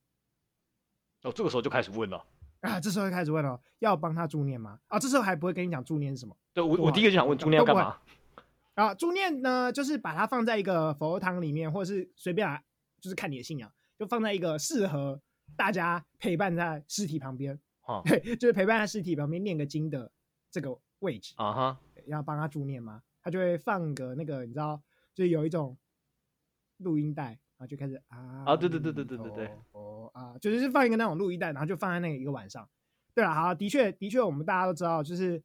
S1: 哦，這個時候就開始問了
S2: 啊，這時候就開始問了，要幫他助念嗎？啊，這時候還不會跟你講助念是什麼？
S1: 對，我我第一個就想問助念要幹嘛？
S2: 啊，助念呢，就是把它放在一個佛堂裡面，或者是隨便啊，就是看你的信仰，就放在一個適合大家陪伴在屍體旁邊。哦， 就是陪伴他屍體旁邊念個經的這個位
S1: 置啊哈、
S2: uh -huh.，要幫他助念嗎？他就會放個那個，你知道，就是有一種錄音帶然後就開始啊
S1: 啊，uh, 對對對對對對對，哦啊，
S2: 就是放一個那種錄音帶，然後就放在那個一個晚上。對了，好，的確的確，我們大家都知道，就是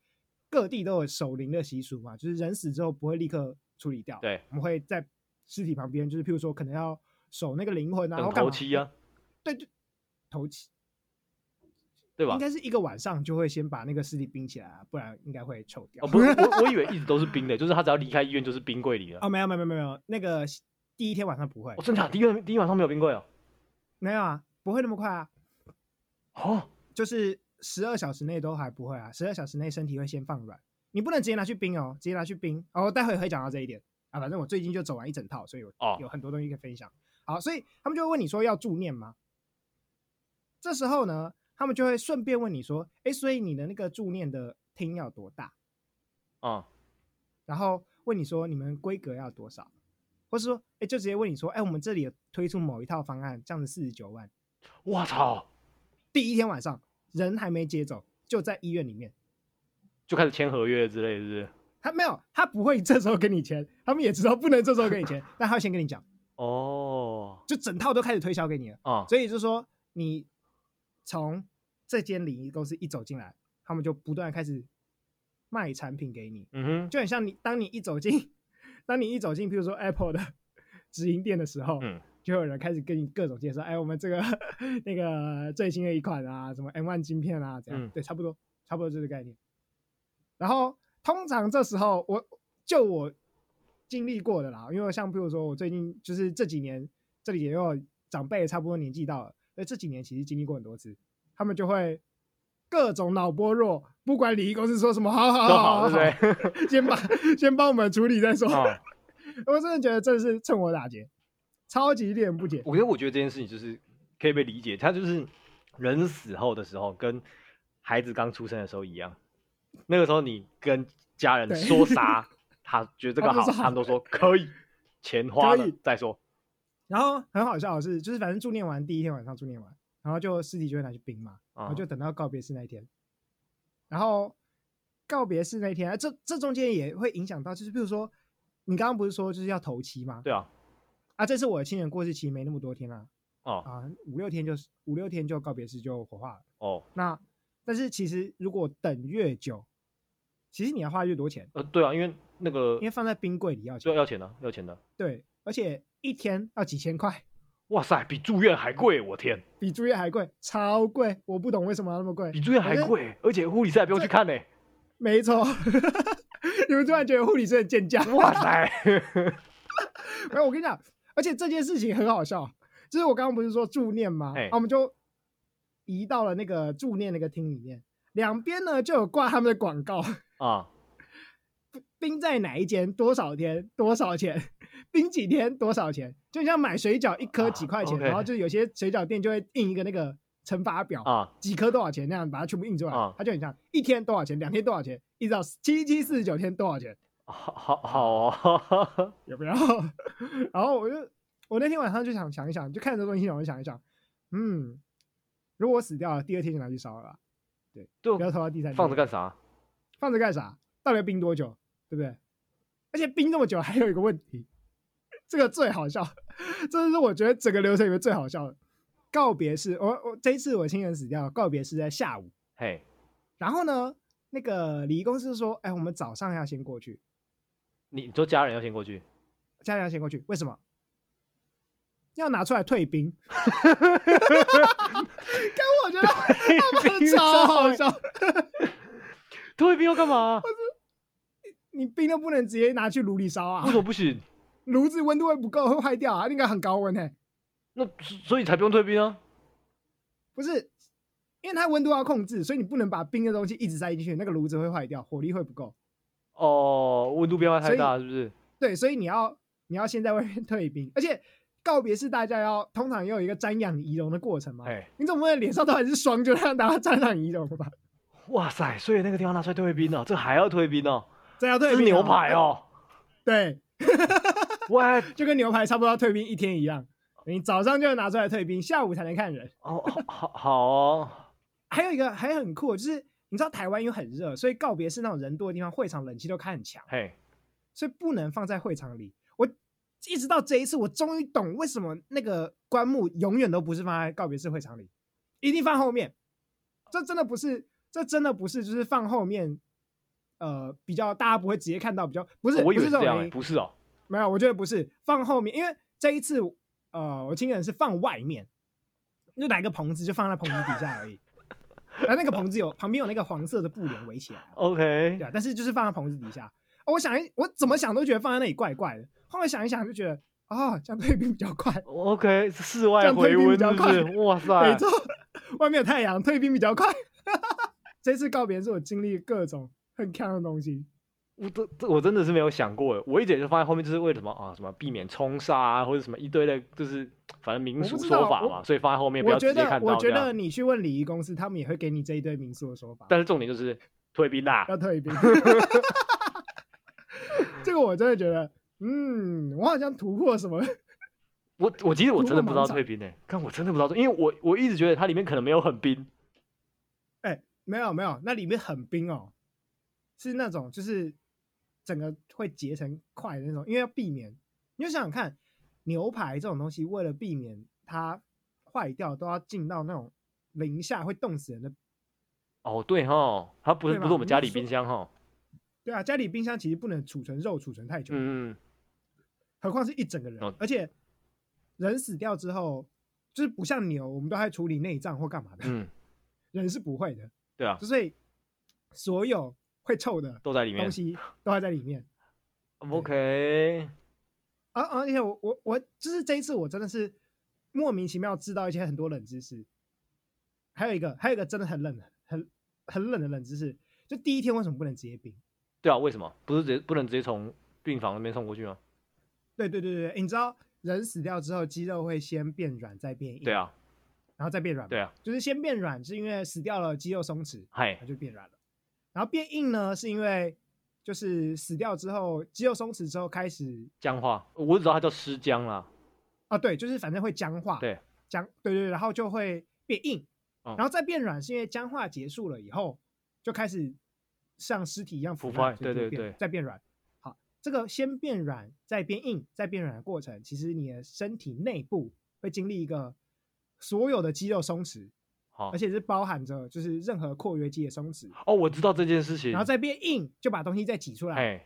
S2: 各地都有守靈的習俗嘛，就是人死之後不會立刻處理掉，對，我們會在屍體旁邊，就是譬如說可能要守那個靈魂啊，等頭七啊，然後幹嘛？對對，
S1: 頭七。對吧？應該是一
S2: 個晚上就會先把那個屍體冰起來啊，不然應該會臭掉。哦，不是，我我以為
S1: 一直都是冰的、欸， 就是他只要離開醫院就是冰櫃裡了。哦，沒有，
S2: 沒有，沒有，沒有，那個第一天晚上不會。我真的，第
S1: 一第一晚上沒有冰櫃哦、喔。
S2: 沒有啊，不會那麼快啊？哦，就是十二小時內都還不會啊，十二小時內身體會先放軟，你不能直接拿去冰哦，直接拿去冰。哦，待會會講到這一點啊，反正我最近就走完一整套，所以我有、哦、有很多東西可以分享。好，所以他們就會問你說要助念嗎？這時候呢？他們就會順便問你說：“哎、欸，所以你的那個助念的廳要多大？”
S1: 啊、嗯，
S2: 然後問你說：“你們規格要多少？”或是說：“哎、欸，就直接問你說：‘哎、欸，我們這裡有推出某一套方案，這樣子四十九萬。’”我操！第一天晚上人還沒接走，就在醫院裡
S1: 面就開始簽合約之類的是不
S2: 是？他沒有，他不會這時候給你錢，他們也知道不能這時候給你錢 但他會先跟你講。
S1: 哦，就整套都開始推銷給你了。哦、嗯，
S2: 所以就是說你。從這間禮儀公司一走進來，他們就不斷開始賣產品給你，嗯哼，就很像你當你一走進，當你一走進，比如說 Apple 的直營店的時候，嗯，就有人開始跟你各種介紹，哎，我們這個那個最新的一款啊，什麼 M One 芯片啊，這樣、嗯，對，差不多，差不多這個概念。然後通常這時候我，我就我經歷過的啦，因為像比如說我最近就是這幾年，這裡也有長輩，差不多年紀到了。所這幾年其實經歷過很多次，他們就會各種腦波弱，不管禮儀公司說什麼，好好好，好對對，
S1: 先把 先幫我們處理再說。哦、
S2: 我真的覺得這是趁火打劫，超級令人不解。我覺得，
S1: 我覺得這件事情就是可以被理解，他就是人死後的時候，跟孩子剛出生的時候一樣。那個時候你跟家人說啥，他覺得這個好， 他們都說可以，錢花了再說。
S2: 然後很好笑的是，就是反正助念完第一天晚上助念完，然後就屍體就會拿去冰嘛，然後就等到告別式那一天，啊。然後告別式那一天，這這中間也會影響到，就是比如說你剛剛不是說就是要頭七嗎？對啊。啊，這次我的親人過世其實沒那麼多天啊。哦，啊。啊，五六天就是五六天就告別式就火化了。哦。那但是其實如果等越久，其實你要花越多錢。
S1: 呃，對啊，因為那個因
S2: 為放在冰櫃裡要要
S1: 要錢的，啊，要錢的，啊
S2: 啊。對。而且一天要幾千塊，
S1: 哇塞，比住院還貴，我天！
S2: 比住院還貴，超貴！我不懂為什麼要那麼貴。比住院還貴，
S1: 而且護理師也不用去看呢、欸。
S2: 沒錯，你們突然覺得護理師很賤價。哇塞！哎， 我跟你講，而且這件事情很好笑，就是我剛剛不是說助念嗎、欸啊？我們就移到了那個助念那個廳裡面，兩邊呢就有掛他們的廣告啊，冰在哪一間，多少天，多少錢？冰幾天多少錢？就像買水餃一顆幾塊錢，uh, okay. 然後就有些水餃店就會印一個那個乘法表啊，uh, 幾顆多少錢那樣，把它全部印出來。Uh. 它就很像一天多少錢，兩天多少錢，一直到七七四十九天多少錢。
S1: 好好好啊！有沒有？
S2: 然後我就我那天晚上就想想一想，就看這東西我就想一想，嗯，如果我死掉了，第二天就拿去燒了吧，對，然後拖到第三天。放着幹啥？放着幹啥？到底要冰多久？對不對？而且冰那麼久，還有一個問題。這個最好笑，這是我覺得整個流程裡面最好笑的。告別式我我這一次我親人死掉，告別式在下午。嘿、hey.，然後呢，那個禮儀公司說：“哎，我們早上要先過去。
S1: 你”你你說家人要先過去，
S2: 家人要先過去，為什麼？要拿出來退冰？哈哈哈哈哈哈！但我覺得他們超好笑， 退冰要幹嘛？你冰都不能直接拿去爐裡燒啊？為什麼不行？爐子溫度會不夠，會壞掉啊！應該很高溫呢、欸。那
S1: 所以才不用退冰啊？
S2: 不是，因為它溫度要控制，所以你不能把冰的東西一直塞進去，那個爐子會壞掉，火力會不夠。
S1: 哦、呃，溫度變化太大是不是？
S2: 對，所以你要你要先在外面退冰，而且告別式大家要通常也有一個瞻仰遺
S1: 容的過程嘛。
S2: 哎，你怎麼會臉上都還是霜，就讓大家瞻仰遺容吧？
S1: 哇塞，所以那個地方拿出來退冰呢？這還要退冰呢？這要退冰？是牛排、喔、哦。
S2: 對。 哇， 就跟牛排差不多，退冰一天一樣。你早上就要拿出來退冰，下午才能看
S1: 人。哦，好好。
S2: 還有一個還很酷，就是你知道台灣又很熱，所以告別式那種人多的地方，會場冷氣都開很強。嘿、hey.，所以不能放在會場裡。我一直到這一次，我終於懂為什麼那個棺木永遠都不是放在告別式會場裡，一定放後面。這真的不是，這真的不是，就是放後面。呃，比較大家不會直接看到，比較不是。哦、我以為是這樣、欸， 不是哦、喔。沒有，我覺得不是放後面，因為這一次，呃，我親人是放外面，就拿一個棚子，就放在棚子底下而已。 然後那個棚子有旁邊有那個黃色的布簾圍起來。
S1: OK，對、啊，但是就是
S2: 放在棚子底下。哦、我想一，我怎麼想都覺得放在那裡怪怪的。後來想一想，就覺得啊、哦，這樣退兵比較快。
S1: OK，室外回溫比較快，哇塞，沒錯，
S2: 外面有太陽，退兵比較快。 這次告別式我經歷各種很看的東西。
S1: 我這這我真的是沒有想過，我一直也就放在後面，就是為什麼啊？什麼避免沖殺啊，或者什麼一堆的，就是反正民俗說法嘛，所以放在後面不要直接看到。我覺得，我覺得
S2: 你去問禮儀公司，他們也會給你這一堆民俗的說法。
S1: 但是重點就是退冰啦，要
S2: 退冰。 這個我真的覺得，嗯，我好像突破什麼？我
S1: 我其實我真的不知道退冰呢、欸，但我真的不知道，因為我我一直覺得它裡面可能沒有很冰。
S2: 哎、欸，沒有沒有，那裡面很冰哦，是那種就是。整個會結成塊的那種，因為要避免，你就想想看，牛排這種東西，為了避免它壞掉，都要進到那種零下會凍死人的。
S1: 哦，對哈、哦，它不是不是我們家裡冰箱哈、哦。
S2: 對啊，家裡冰箱其實不能儲存肉，儲存太久。嗯。
S1: 何
S2: 況是一整個人、哦，而且人死掉之後，就是不像牛，我們都還處理內臟或幹嘛的、嗯，人是不會的。對啊。就所以所有。會臭的
S1: 都在裡面，東西
S2: 都還在裡面。OK，啊、uh, 啊、uh, yeah！你看我我我，就是這一次我真的是莫名其妙知道一些很多冷知識。還有一個，還有一個真的很冷，很很冷的冷知識，就第一天為什麼不能直接冰？
S1: 對啊，為什麼不是直接，不能直接從病房那邊送過去嗎？
S2: 對對對對，你知道人死掉之後，肌肉會先變軟再變硬，對啊，然後再變軟，對啊，就是先變軟是因為死掉了，肌肉鬆弛，哎，它就變軟了。然後變硬呢，是因為就是死掉之後，肌肉鬆弛之後開始
S1: 僵化。我只知道它叫屍僵啦。
S2: 啊，對，就是反正會僵化。對，僵，對對對。然後就會變硬，嗯，然後再變軟，是因為僵化結束了以後，就開始像屍體一樣腐壞，對對對，再變軟。好，這個先變軟，再變硬，再變軟的過程，其實你的身體內部會經歷一個所有的肌肉鬆弛。而且是包含着，就是任何括約肌的鬆弛。
S1: 哦，我知道這件事情。然後再
S2: 變硬，就把東西再擠出來。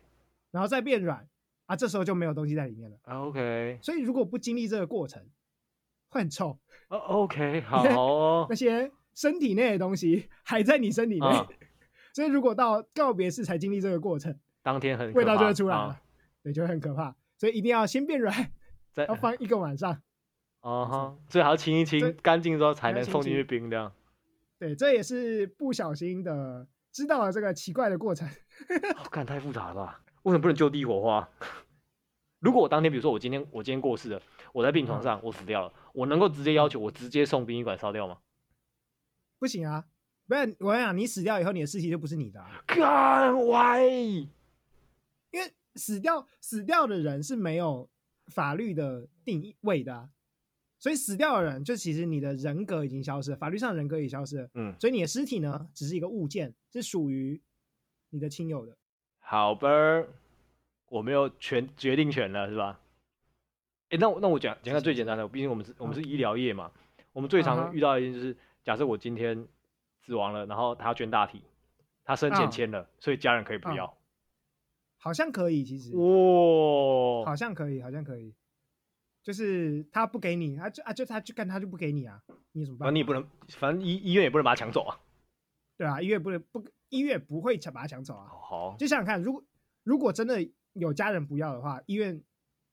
S2: 然後再變軟，啊，這時候就沒有東西在裡面了。啊，OK。所以如果不經歷這個過程，會很臭。啊，OK，
S1: 好。
S2: 那些身體內的東西還在你身體內。啊、 所以如果到告別式才經歷這個過程，
S1: 當天很味道就會出來了、啊啊，
S2: 對，就會很可怕。所以一定要先變軟，再要放一個晚上。
S1: 哦，哈！最好清一清，乾淨之後才能送進去冰，這樣。
S2: 對，這也是不小心的，知道了這個奇怪的過程，
S1: 感、 oh, 太複雜了吧？為什麼不能就地火化？ 如果我當天，比如說我今天我今天過世了，我在病床上、嗯、我死掉了，我能夠直接要求我直接送殯儀館燒掉嗎？
S2: 不行啊！不然我跟你講，你死掉以後，你的屍體就不是你的、啊。God why？因為死掉死掉的人是沒有法律的定義的、啊。所以死掉的人，就其實你的人格已經消失，法律上的人格已經消失。嗯，所以你的屍體呢，只是一個物件，嗯、是屬於你的親友的。
S1: 好吧，我沒有權決定權了，是吧？哎、欸，那我那我講講個最簡單的，畢竟我們是我們是醫療業嘛、嗯，我們最常遇到一件就是，uh -huh、假設我今天死亡了，然後他要捐大體，他生前簽了，oh. 所以家人可以不要，oh.
S2: 好像可以，其實哇，oh. 好像可以，好像可以。就是他不給你，他就啊就他就幹他就不給你啊，
S1: 你怎麼辦、啊？你也不能，反正醫醫院也不能把他搶走啊。
S2: 對啊，醫院不能不醫院不會搶把他搶走啊。好，好，就想想看，如果如果真的有家人不要的話，醫院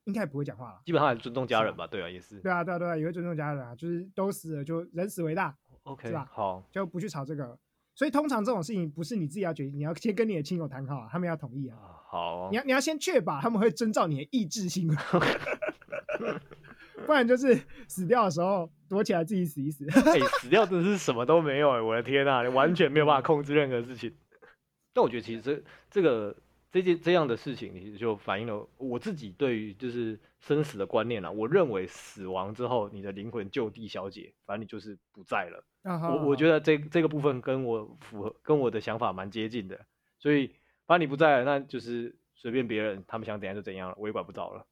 S2: 應該不會講話了、
S1: 啊。基本上還是尊重家人吧、啊對啊，對啊，也是。對啊，
S2: 對啊對，啊，也會尊重家人啊，就是都死了就人死為大，OK 是吧？好，就不去吵這個。所以通常這種事情不是你自己要決定，你要先跟你的親友談好、啊，他們要同意啊。好，你要你要先確保他們會遵照你的意志性、啊。 不然就是死掉的時候躲起來自己死
S1: 一死。哎、 欸，死掉真的是什麼都沒有哎、欸！我的天吶、啊，你完全沒有辦法控制任何事情。 但我覺得其實這這個這件這樣的事情，你就反映了我自己對於就是生死的觀念了。我認為死亡之後，你的靈魂就地消解，反正你就是不在了。Uh -huh. 我我覺得這這個部分跟我符合，跟我的想法蠻接近的。所以反正你不在了，那就是隨便別人，他們想怎樣就怎樣了，我也管不着了。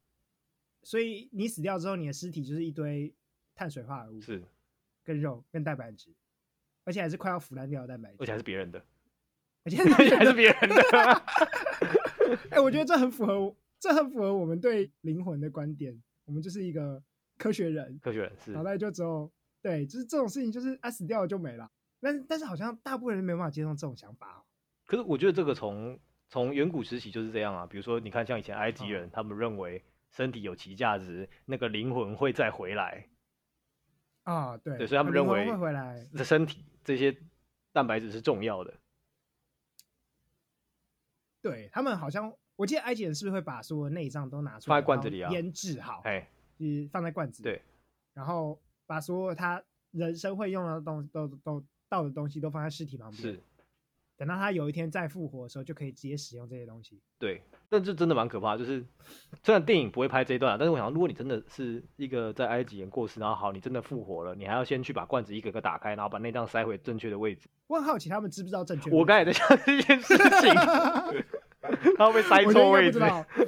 S2: 所以你死掉之後，你的屍體就是一堆碳水化合物是，是跟肉跟蛋白質，而且還是快要腐爛掉的蛋白質，
S1: 而且還是別人的，而且還是別人的。
S2: 哎， 欸、我覺得這很符合，這很符合我們對靈魂的觀點。我們就是一個科學人，
S1: 科學人是，腦袋
S2: 就只有對，就是這種事情，就是啊，死掉了就沒了。但是但是，好像大部分人沒辦法接受這種想法。
S1: 可是我覺得這個從從遠古時期就是這樣啊。比如說，你看像以前埃及人，嗯、他們認為。身體有其價值，那個靈魂會再回來。
S2: 啊、哦，對，所以他們認為，會回來的
S1: 身體這些蛋白質是重要的。
S2: 對，他們好像，我記得埃及人是不是會把所有內臟都拿出來，放在罐子裡、啊、醃製好，哎，是放在罐子裡。對，然後把所有他人生會用的東西都都倒的東西都放在屍體旁邊是。等到他有一天再復活的時候，就可以直接使用這些東西。
S1: 對，但這真的蠻可怕。就是雖然電影不會拍這一段，但是我想，如果你真的是一個在埃及人過世，然後好，你真的復活了，你還要先去把罐子一個個打開，然後把內臟塞回正確的位置。
S2: 我很好奇他們知不知道正確的位置。我剛才
S1: 在想這件事情， 他會被塞錯位置。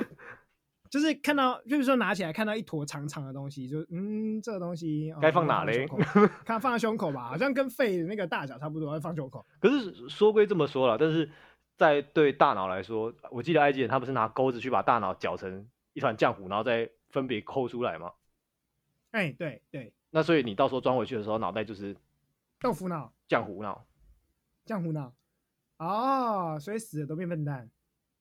S2: 就是看到，就是說拿起來看到一坨長長的東西，就嗯，這個東西、哦、該放哪嘞？放 看放在胸口吧，好像跟肺的那個大小差不多，要放胸口。
S1: 可是說歸這麼說了，但是在對大腦來說，我記得埃及人他不是拿鈎子去把大腦攪成一團漿糊，然後再分別摳出來嗎？
S2: 哎，對對，
S1: 那所以你到時候裝回去的時候，腦袋就是豆腐腦、漿糊腦、
S2: 漿糊腦，哦，所以死了都變笨蛋。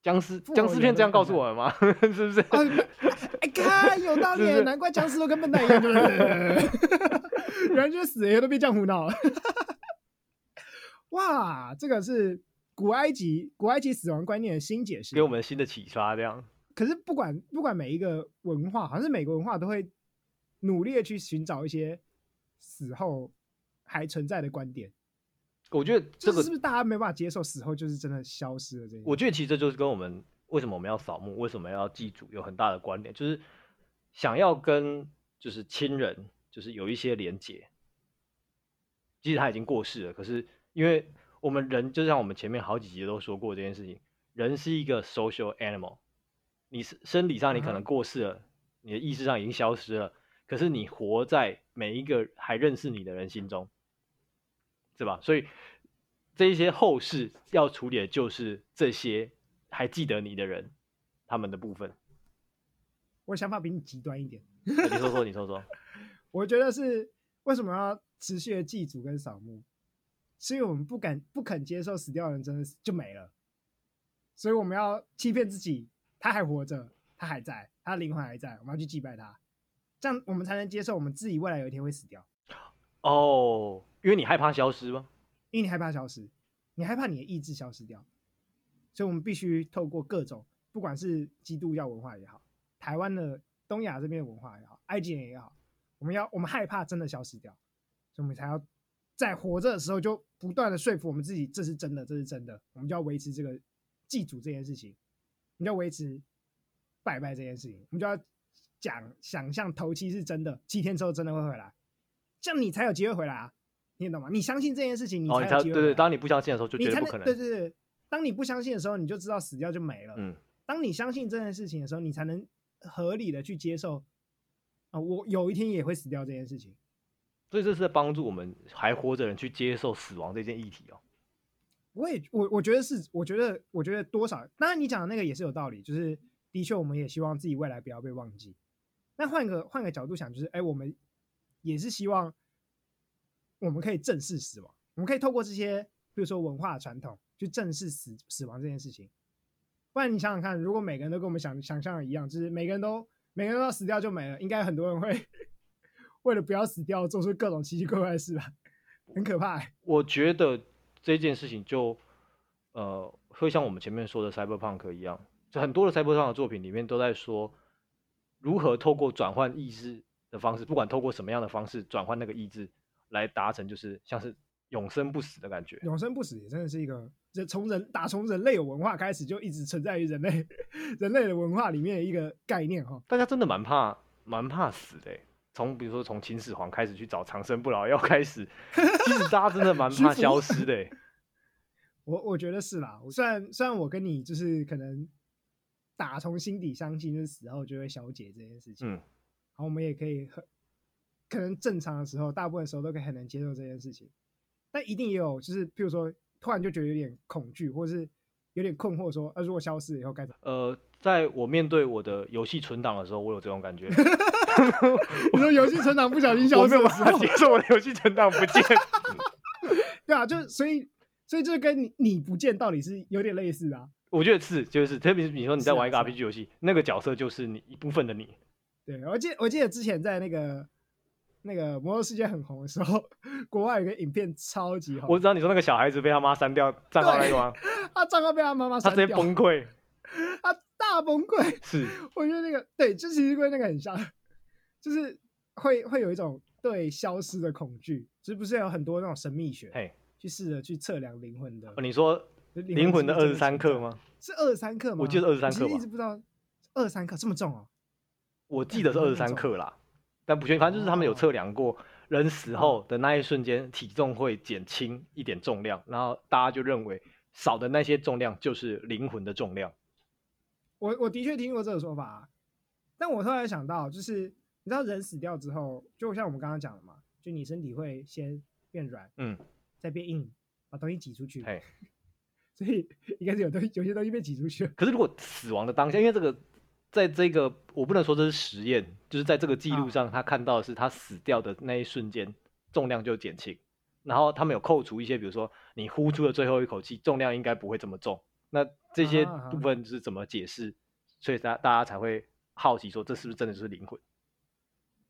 S1: 僵屍，僵屍片這樣告訴我們嗎？ 是是、啊，哎哎，是不是？哎，看有道理，難
S2: 怪僵屍都跟笨蛋一樣，就是。 原來就是死人都被這樣胡鬧了。 哇，這個是古埃及古埃及死亡觀念的新解釋，給我
S1: 們新的啟發。這樣，
S2: 可是不管不管每一個文化，好像是每個文化都會努力的去尋找一些死後還存在的觀點。
S1: 我覺得這個是不
S2: 是大家沒辦法接受死後就是真的消失了？這我覺得其
S1: 實這就是跟我們為什麼我們要掃墓，為什麼要祭祖有很大的關聯，就是想要跟就是親人就是有一些連結。其實他已經過世了，可是因為我們人就像我們前面好幾集都說過這件事情，人是一個 social animal，你是生理上你可能過世了，你的意識上已經消失了，可是你活在每一個還認識你的人心中。是吧？所以這些後事要處理的就是這些還記得你的人，他們的部分。
S2: 我想法比你極端一點。
S1: 你說說，你說說。
S2: 我覺得是為什麼要持續的祭祖跟掃墓？是因為我們不敢不肯接受死掉的人真的就沒了，所以我們要欺騙自己，他還活着，他還在，他的靈魂還在，我們要去祭拜他，這樣我們才能接受我們自己未來有一天會死掉。
S1: 哦、oh。因為你害怕消失嗎？
S2: 因為你害怕消失，你害怕你的意志消失掉，所以我們必須透過各種，不管是基督教文化也好，台灣的東亞這邊的文化也好，埃及人也好，我們要我們害怕真的消失掉，所以我們才要在活着的時候就不斷的說服我們自己，這是真的，這是真的，我們就要維持這個祭祖這件事情，你要維持拜拜這件事情，我們就要講想象頭七是真的，七天之後真的會回來，這樣你才有機會回來啊。你懂嗎？你相信這件事情你、哦，你才對，對對。
S1: 當你不相信的時候，就覺得不可能。能，對對
S2: 對，當你不相信的時候，你就知道死掉就沒了。嗯，當你相信這件事情的時候，你才能合理的去接受。啊、哦，我有一天也會死掉這件事情，
S1: 所以這是幫助我們還活着人去接受死亡這件議題哦。
S2: 我也我我覺得是，我覺得我覺得多少，當然你講的那個也是有道理，就是的確我們也希望自己未來不要被忘記。那換個換個角度想，就是哎，我們也是希望。我們可以正視死亡，我們可以透過這些，比如說文化傳統，去正視死死亡這件事情。不然你想想看，如果每個人都跟我們想想象的一樣，就是每個人都每個人都要死掉就沒了，應該很多人會為了不要死掉，做出各種奇奇怪怪的事吧？很可怕欸。
S1: 我覺得這件事情就呃，會像我們前面說的 cyberpunk 一樣，就很多的 cyberpunk 的作品裡面都在說，如何透過轉換意志的方式，不管透過什麼樣的方式轉換那個意志，來達成就是像是永生不死的感覺，
S2: 永生不死也真的是一個人從人打從人類有文化開始就一直存在於人類人類的文化裡面的一個概念哈。
S1: 大家真的蠻怕蠻怕死的，從比如說從秦始皇開始去找長生不老藥開始，其實大家真的蠻怕消失的。
S2: 我我覺得是啦，雖然雖然我跟你就是可能打從心底相信就是死後就會消解這件事情，嗯、然後，我們也可以可能正常的時候，大部分的時候都可以很難接受這件事情，但一定也有，就是譬如說，突然就覺得有點恐懼，或者是有點困惑說，說啊，如果消失以後該怎麼？
S1: 麼呃，在我面對我的遊戲存檔的時候，我有這種感覺。
S2: 你 說遊戲存檔不小心消失的時候，接受
S1: 我的遊戲存檔不見。
S2: 對啊，就所以，所以就跟你你不見，到底是有點類似的啊。
S1: 我覺得是，就是特別是你說你在玩一個 RPG 遊戲，啊啊，那個角色就是你一部分的你。
S2: 對，我記得我記得之前在那個。那個《魔獸世界》很紅的時候，國外有個影片超級紅。我知
S1: 道你說那個小孩子被他媽刪掉賬號在那個嗎？他
S2: 賬號被他媽媽刪，他直接崩潰，他大崩潰。是，我覺得那個對，就其實跟那個很像，就是會會有一種對消失的恐懼。是、就、不是有很多那種神秘學，哎、hey,，去試着去測量靈魂的。呃、
S1: 你說靈魂，魂的二十三克嗎？
S2: 是二十三克嗎？我記得二十三克。其實一直不知道二十三克這麼重哦、喔。
S1: 我記得是二十三克啦。但不全，反正就是他們有測量過，人死後的那一瞬間體重會減輕一點重量，然後大家就認為少的那些重量就是靈魂的重量。
S2: 我我的確聽過這個說法，但我突然想到，就是你知道人死掉之後，就像我們剛剛講的嘛，就你身體會先變軟，嗯，再變硬，
S1: 把東西擠出去， 所以應該是有東西，有些東西被擠出去了。 可是如果死亡的當下，因為這個。在這個，我不能說這是實驗，就是在這個記錄上，他看到的是他死掉的那一瞬間，oh. 重量就減輕，然後他們有扣除一些，比如說你呼出的最後一口氣，重量應該不會這麼重，那這些部分是怎麼解釋？Uh -huh. 所以大大家才會好奇說，這是不是真的就是靈魂？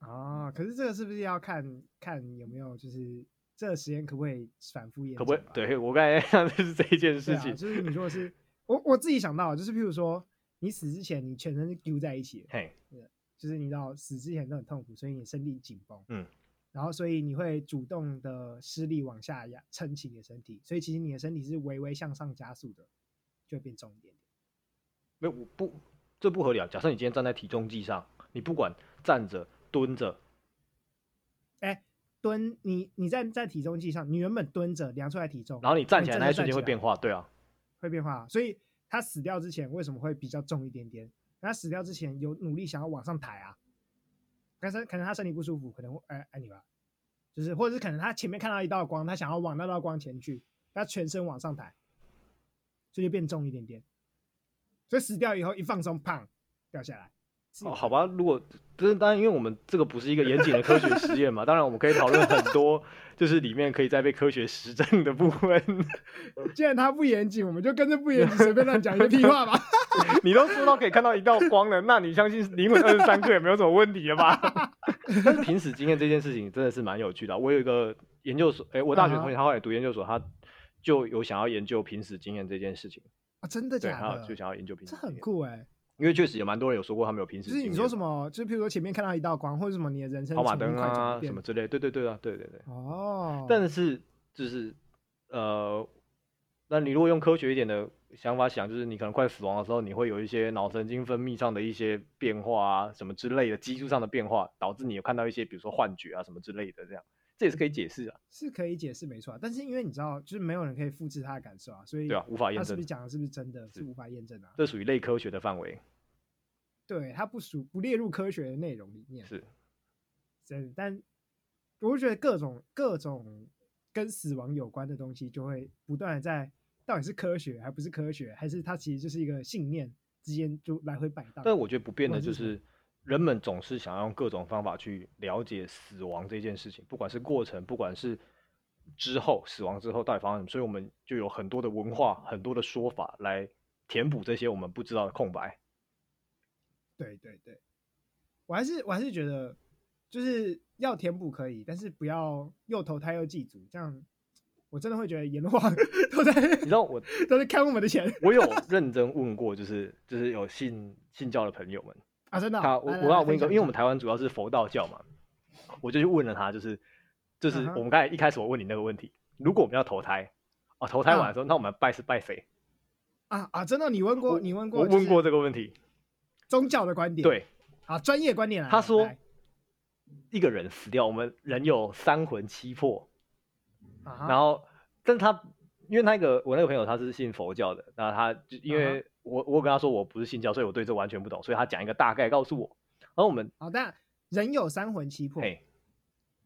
S2: 啊，可是這個是不是要看看有沒有就是這個實驗可不可以反復驗可不
S1: 可以？對，我剛才講的是這一件事情，啊、就是
S2: 你說的是我我自己想到就是譬如說。你死之前，你全身是揪在一起，嘿、hey，就是你知道死之前都很痛苦，所以你身體緊繃，嗯，然後所以你會主動的施力往下壓，撐起你的身體，所以其實你的身體是微微向上加速的，就會變重一點點。
S1: 沒有，我不，這不合理啊！假設你今天站在體重計上，你不管站着、蹲着，
S2: 哎，蹲你，你站在體重計上，你原本蹲着量出來體重，然後你站起來，的站起來那一個瞬間
S1: 會變化，
S2: 對啊，會變化，所以。他死掉之前為什麼會比較重一點點？他死掉之前有努力想要往上抬啊，可能可能他身體不舒服，可能哎哎你吧，就是或者是可能他前面看到一道光，他想要往那道光前去，他全身往上抬，所以就變重一點點。所以死掉以後一放鬆，胖，掉下來。
S1: 哦，好吧，如果但是當然，因為我們這個不是一個嚴謹的科學實驗嘛， 當然我們可以討論很多，就是裡面可以再被科學實證的部分。
S2: 既然它不嚴謹，我們就跟着不嚴謹，隨便亂講一個屁話吧。
S1: 你都說到可以看到一道光了， 那你相信靈魂二十三個也沒有什麼問題的吧？ 瀕死經驗這件事情真的是蠻有趣的。我有一個研究所，誒、欸，我大學同學他後來讀研究所，啊、他就有想要研究瀕死經驗這件事情啊，真的假的？對他就想要研究瀕死經
S2: 驗這件事情，這很酷哎、欸。
S1: 因為確實有蠻多人有說過，他們有瀕死經驗，就是你說
S2: 什麼，就是比如說前面看到一道光，或者什麼你的人生跑馬燈啊什麼
S1: 之類，對對對啊，對對對。哦，但是就是呃，那你如果用科學一點的想法想，就是你可能快死亡的時候，你會有一些腦神經分泌上的一些變化啊，什麼之類的激素上的變化，導致你有看到一些比如說幻覺啊什麼之類的這樣。這也是可以解釋啊，
S2: 是可以解釋沒錯啊，但是因為你知道，就是沒有人可以複製他的感受啊，所以對啊，無法驗證他是不是講的是不是真的是，啊是，是無法驗證啊，
S1: 這屬於類科學的範圍，
S2: 對，它不屬不列入科學的內容裡面是，真的，但我覺得各種各種跟死亡有關的東西就會不斷的在到底是科學還不是科學，還是它其實就是一個信念之間就來回擺盪，但我覺得不變的就是。
S1: 人們總是想要用各種方法去了解死亡這件事情，不管是過程，不管是之後死亡之後到底發生什麼，所以我們就有很多的文化、很多的說法來填補這些我們不知道的空白。
S2: 對對對，我還是我還是覺得就是要填補可以，但是不要又投胎又祭祖，這樣我真的會覺得閻王都
S1: 在， 你知道我都在看我們的錢。我有認真問過，就是就是有信信教的朋友們。
S2: 啊，真的好、哦啊，我我要問一個，因為我們
S1: 台灣主要是佛道教嘛，我就去問了他，就是就是我們剛才一開始我問你那個問題，如果我們要投胎啊，投胎完的時候、嗯，那我們拜是拜誰？
S2: 啊啊，真的，你問過，你問過，我問
S1: 過這個問題，宗教的觀點，對，啊，專業觀點啊，他說一個人死掉，我們人有三魂七魄，啊，然後但他因為那個我那個朋友他是信佛教的，那他就因為。啊我我跟他說我不是信教，所以我對這完全不懂，所以他講一個大概告訴我。而我們好、哦，但人有三魂七魄，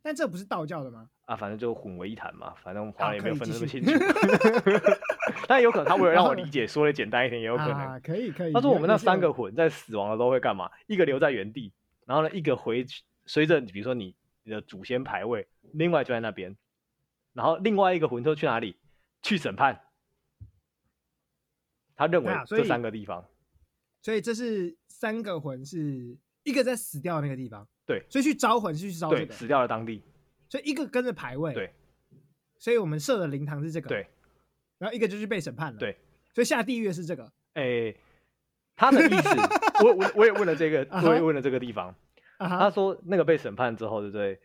S2: 但這不是道教的嗎？
S1: 啊，反正就混為一談嘛，反正我們華人也沒有分成那麼清楚。 但有可能他為了讓我理解，說的簡單一點，也有可能。啊、
S2: 可以可以。他說我們那三個
S1: 魂在死亡的時候會幹嘛？一個留在原地，然後呢，一個回隨着你，比如說你的祖先牌位，另外就在那邊。然後另外一個魂頭去哪裡？去審判。他認為這三個地方，啊、
S2: 所以，所以這是三個魂，是一個在死掉的那個地方，對，所以去招魂是去招魂、這個，對，死掉的當地，所以一個跟着牌位，對，所以我們設的靈堂是這個，對，然後一個就是被審判了，對，所以下地獄是這個，
S1: 哎、欸，他的意思， 我我我也問了這個，我也問了這個地方，uh -huh. Uh -huh. 他說那個被審判之後，對不對？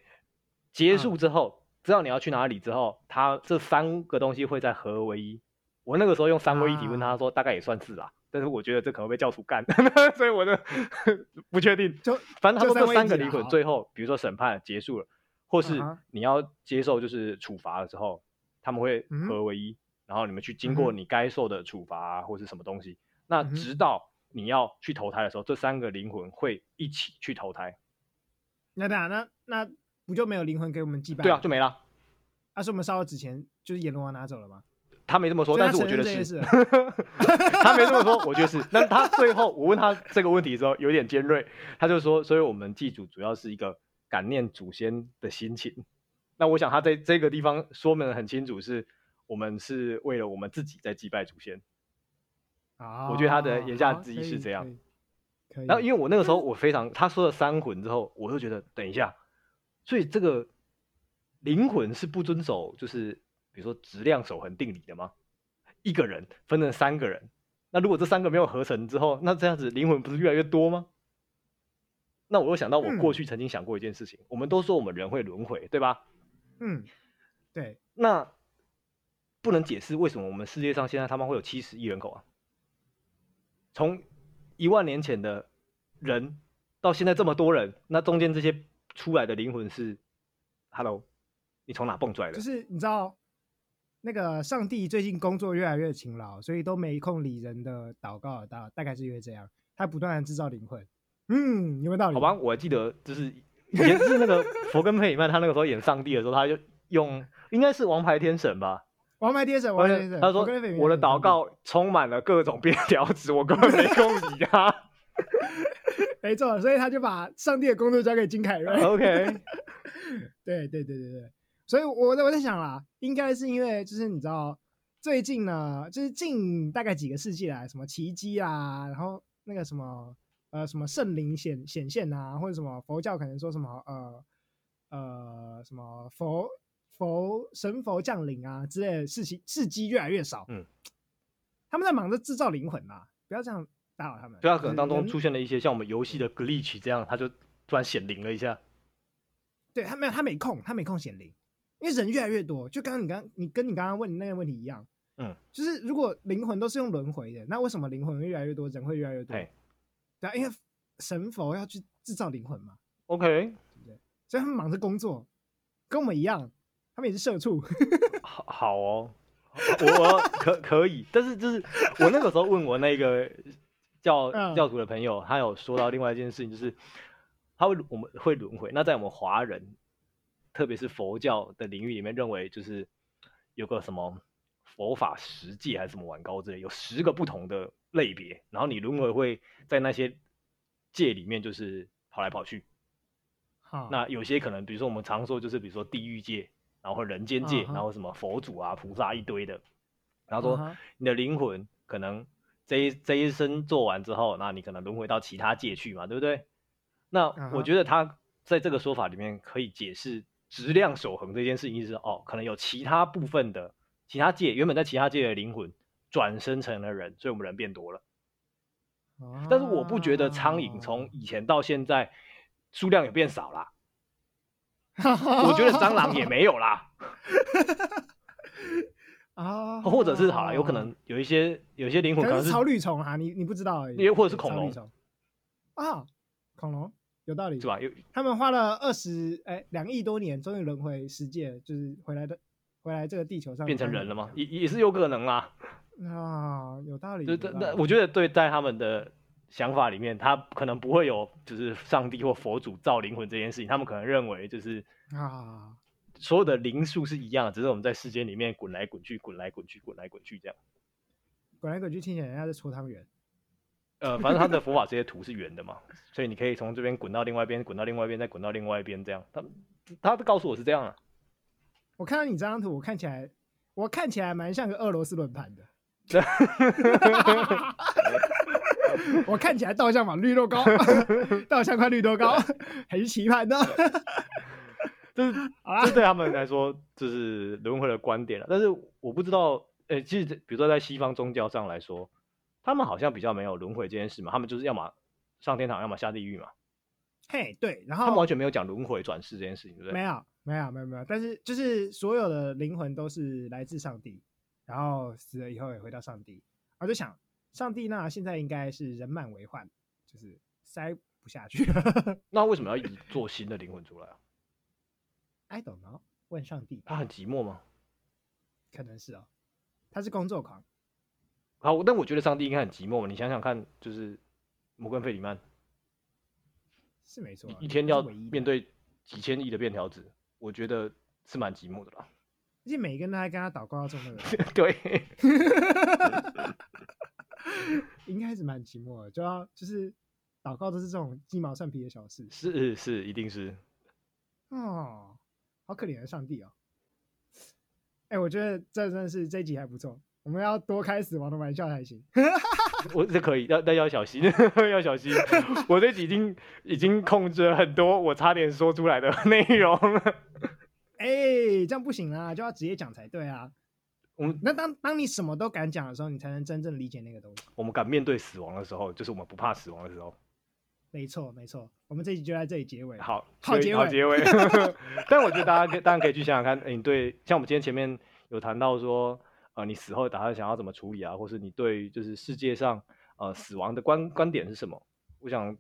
S1: 結束之後，uh -huh. 知道你要去哪裡之後，他這三個東西會再合而為一。我那個時候用三位一體問他說，大概也算是啦、啊，但是我覺得這可能會被教主幹， 所以我就、嗯、不確定。就反正他們這三個靈魂，最後比如說審判結束了，或是你要接受就是處罰的時候、啊，他們會合為一、嗯，然後你們去經過你該受的處罰、啊、嗯、或是什麼東西，那直到你要去投胎的時候，嗯、這三個靈魂會一起去投胎。
S2: 那當然，那那不就沒有靈魂給我們祭拜？對啊，就沒了、啊。那是我們燒了紙錢，就是閻羅王拿走了嗎？
S1: 他沒這麼說，但是我覺得是。 他沒這麼說， 我覺得是。那他最後我問他這個問題的時候，有點尖銳，他就說：“所以我們祭祖主，主要是一個感念祖先的心情。”那我想他在這個地方說明的很清楚是，是我們是為了我們自己在祭拜祖先。
S2: 啊、我覺得他的言下之意是這樣。啊、然後，
S1: 因為我那個時候我非常他說了三魂之後，我就覺得等一下，所以這個靈魂是不遵守，就是。比如說質量守恆定理的嗎？一個人分成三個人，那如果這三個沒有合成之後，那這樣子靈魂不是越來越多嗎？那我又想到我過去曾經想過一件事情，嗯，我們都說我們人會輪回，對吧？嗯，
S2: 對。
S1: 那不能解釋為什麼我們世界上現在他們會有七十億人口啊？從一萬年前的人到現在這麼多人，那中間這些出來的靈魂是，Hello，你從哪蹦出來的？就是
S2: 你知道。那個上帝最近工作越來越勤勞，所以都沒空理人的禱告，大概是因為這樣，他不斷的製造靈魂。
S1: 嗯，有，沒有道理？好吧，我還記得就是，也就是那個佛根佩里曼，他那個時候演上帝的時候，他就用應該是王牌天神吧。
S2: 王牌天神，王牌天神。他，他，說，神神
S1: 神他說，我，我的禱告充滿了各種便條紙，我根本 沒空理他。
S2: 沒錯，所以他就把上帝的工作交給金凱瑞。 Right ? uh, OK， 對，對，對對對對對。所以我在我在想啦，應該是因為就是你知道最近呢，就是近大概幾個世紀來，什麼奇蹟啊，然後那個什麼呃什麼聖靈顯顯現啊，或者什麼佛教可能說什麼呃呃什麼佛佛神佛降臨啊之類的事情事蹟越來越少。嗯，他們在忙着制造靈魂嘛，不要這樣打擾他們。對啊，可能當中出
S1: 現了一些像我們遊戲的 glitch 這樣，他就突然顯靈了一下。
S2: 對，他沒有，他沒空，他沒空顯靈。因為人越來越多，就剛剛你剛你跟你剛剛問的那個問題一樣，嗯，就是如果靈魂都是用輪迴的，那為什麼靈魂會越來越多，人會越來越多？對，對，因為神佛要去製造靈魂嘛。OK，是不是？所以他們忙着工作，跟我們一樣，他們也是社畜。
S1: 好，好哦，我，我可 可以，但是就是我那個時候問我那個教 教主的朋友，他有說到另外一件事情，就是他會輪我們會輪迴，那在我們華人。特別是佛教的領域裡面，認為就是有個什麼佛法十界還是什麼梵高之類，有十個不同的類別。然後你輪迴會在那些界裡面，就是跑來跑去。好，那有些可能，比如說我們常說，就是比如說地獄界，然後人間界，uh -huh. 然後什麼佛祖啊、菩薩一堆的。然後說你的靈魂可能這一、uh -huh. 這一生做完之後，那你可能輪回到其他界去嘛，對不對？那我覺得他在這個說法裡面可以解釋。質量守恆這件事情是哦，可能有其他部分的其他界，原本在其他界的靈魂轉生成了人，所以我們人變多了。哦、但是我不覺得蒼蠅從以前到現在數量也變少
S2: 了。哦，我覺得蟑螂也沒有啦。啊、哦，或者是好了，
S1: 有可能有一些有些靈魂可能是超綠
S2: 蟲啊，你你不知道，也或者是恐龍啊、哦，恐龍。
S1: 有道理，是吧？有
S2: 他們花了二十哎，兩億多年，終於輪迴世界，就是回來的，回來這個地球上變成人了
S1: 嗎？也也是有可能啊。
S2: 啊、哦，有道理。就，那我覺
S1: 得，對，在他們的想法裡面，他可能不會有就是上帝或佛祖造靈魂這件事情，他們可能認為就是啊，所有的靈數是一樣的，只是我們在世間裡面滾來滾去，滾來滾去，滾來滾去這樣，
S2: 滾來滾去聽起來人家是搓湯圓。
S1: 呃，反正他的佛法這些圖是圓的嘛，所以你可以從這邊滾到另外一邊，滾到另外一邊，再滾到另外一邊，這樣。他他告訴我是這樣啊。我看
S2: 到你這張圖，我看起來，我看起來蠻像個俄羅斯輪盤的。 我看起來倒像塊綠豆糕，倒 像塊綠豆糕，很期盼的。
S1: 這 對、 就是啊，這對他們來說就是輪迴的觀點了。但是我不知道，呃、欸，其實比如說在西方宗教上來說。他們好像比較沒有輪迴這件事嘛，他們就是要麼上天堂，要麼下地獄嘛。嘿、hey，對，然後他們完全沒有講輪迴轉世這件事情，對不對？沒
S2: 有，沒有，沒有，沒有。但是就是所有的靈魂都是來自上帝，然後死了以後也回到上帝。我、啊、就想，上帝那現在應該是人滿為患，就是塞不下去。
S1: 那為什麼要做新的靈魂出來、
S2: 啊？I don't
S1: know。問上帝吧。他很寂寞嗎？
S2: 可能是哦，
S1: 他是工作狂。好，但我覺得上帝應該很寂寞，你想想看，就是摩根費裡曼是沒錯，一天要面對幾千億的便條紙，我覺得是蠻寂寞的啦。
S2: 而且每一個人都在跟他禱告要中的人 對， 應該是蠻寂寞的，就要就是禱告都是這種雞毛蒜皮的小事，
S1: 是是,是一定是
S2: 哦，好可憐的上帝啊、哦！哎、欸，我覺得這算是這一集還不錯。我們要多開死亡的玩笑才行。
S1: 我是可以，但但要小心， 要小心。我這已經已經控制了很多我差點說出來的內容。
S2: 哎、 欸，這樣不行啦，就要直接講才對啊。我們那當當你什麼都敢講的時候，你才能真正理解那個東
S1: 西。我們敢面對死亡的時候，就是我們不怕死亡的時候。
S2: 沒錯，沒錯。我們這集就在這裡結尾。
S1: 好，好結尾，好結尾。 但我覺得大家可以，當然可以去想想看，欸、你對像我們今天前面有談到說。啊、呃，你死後打算想要怎麼處理啊？或是你對就是世界上呃死亡的觀觀點是什麼？我想，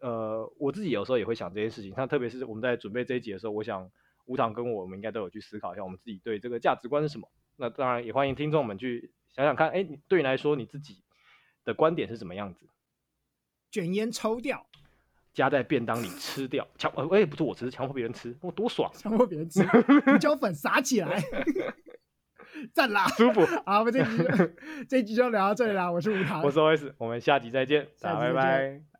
S1: 呃，我自己有時候也會想這件事情。那特別是我們在準備這一集的時候，我想無糖跟我們應該都有去思考一下，我們自己對這個價值觀是什麼。那當然也歡迎聽眾們去想想看，哎、欸，對你來說你自己的觀點是什麼樣子？卷煙抽掉，夾在便當裡吃掉，強我、呃欸、不是我吃強迫別人吃，我多爽！
S2: 強迫別人吃，胡 椒粉撒起來。 讚啦，舒服 好。好，我 們這集這集就聊到這裡啦。我是無糖，我是 OS，
S1: 我們下集再見，再見拜拜。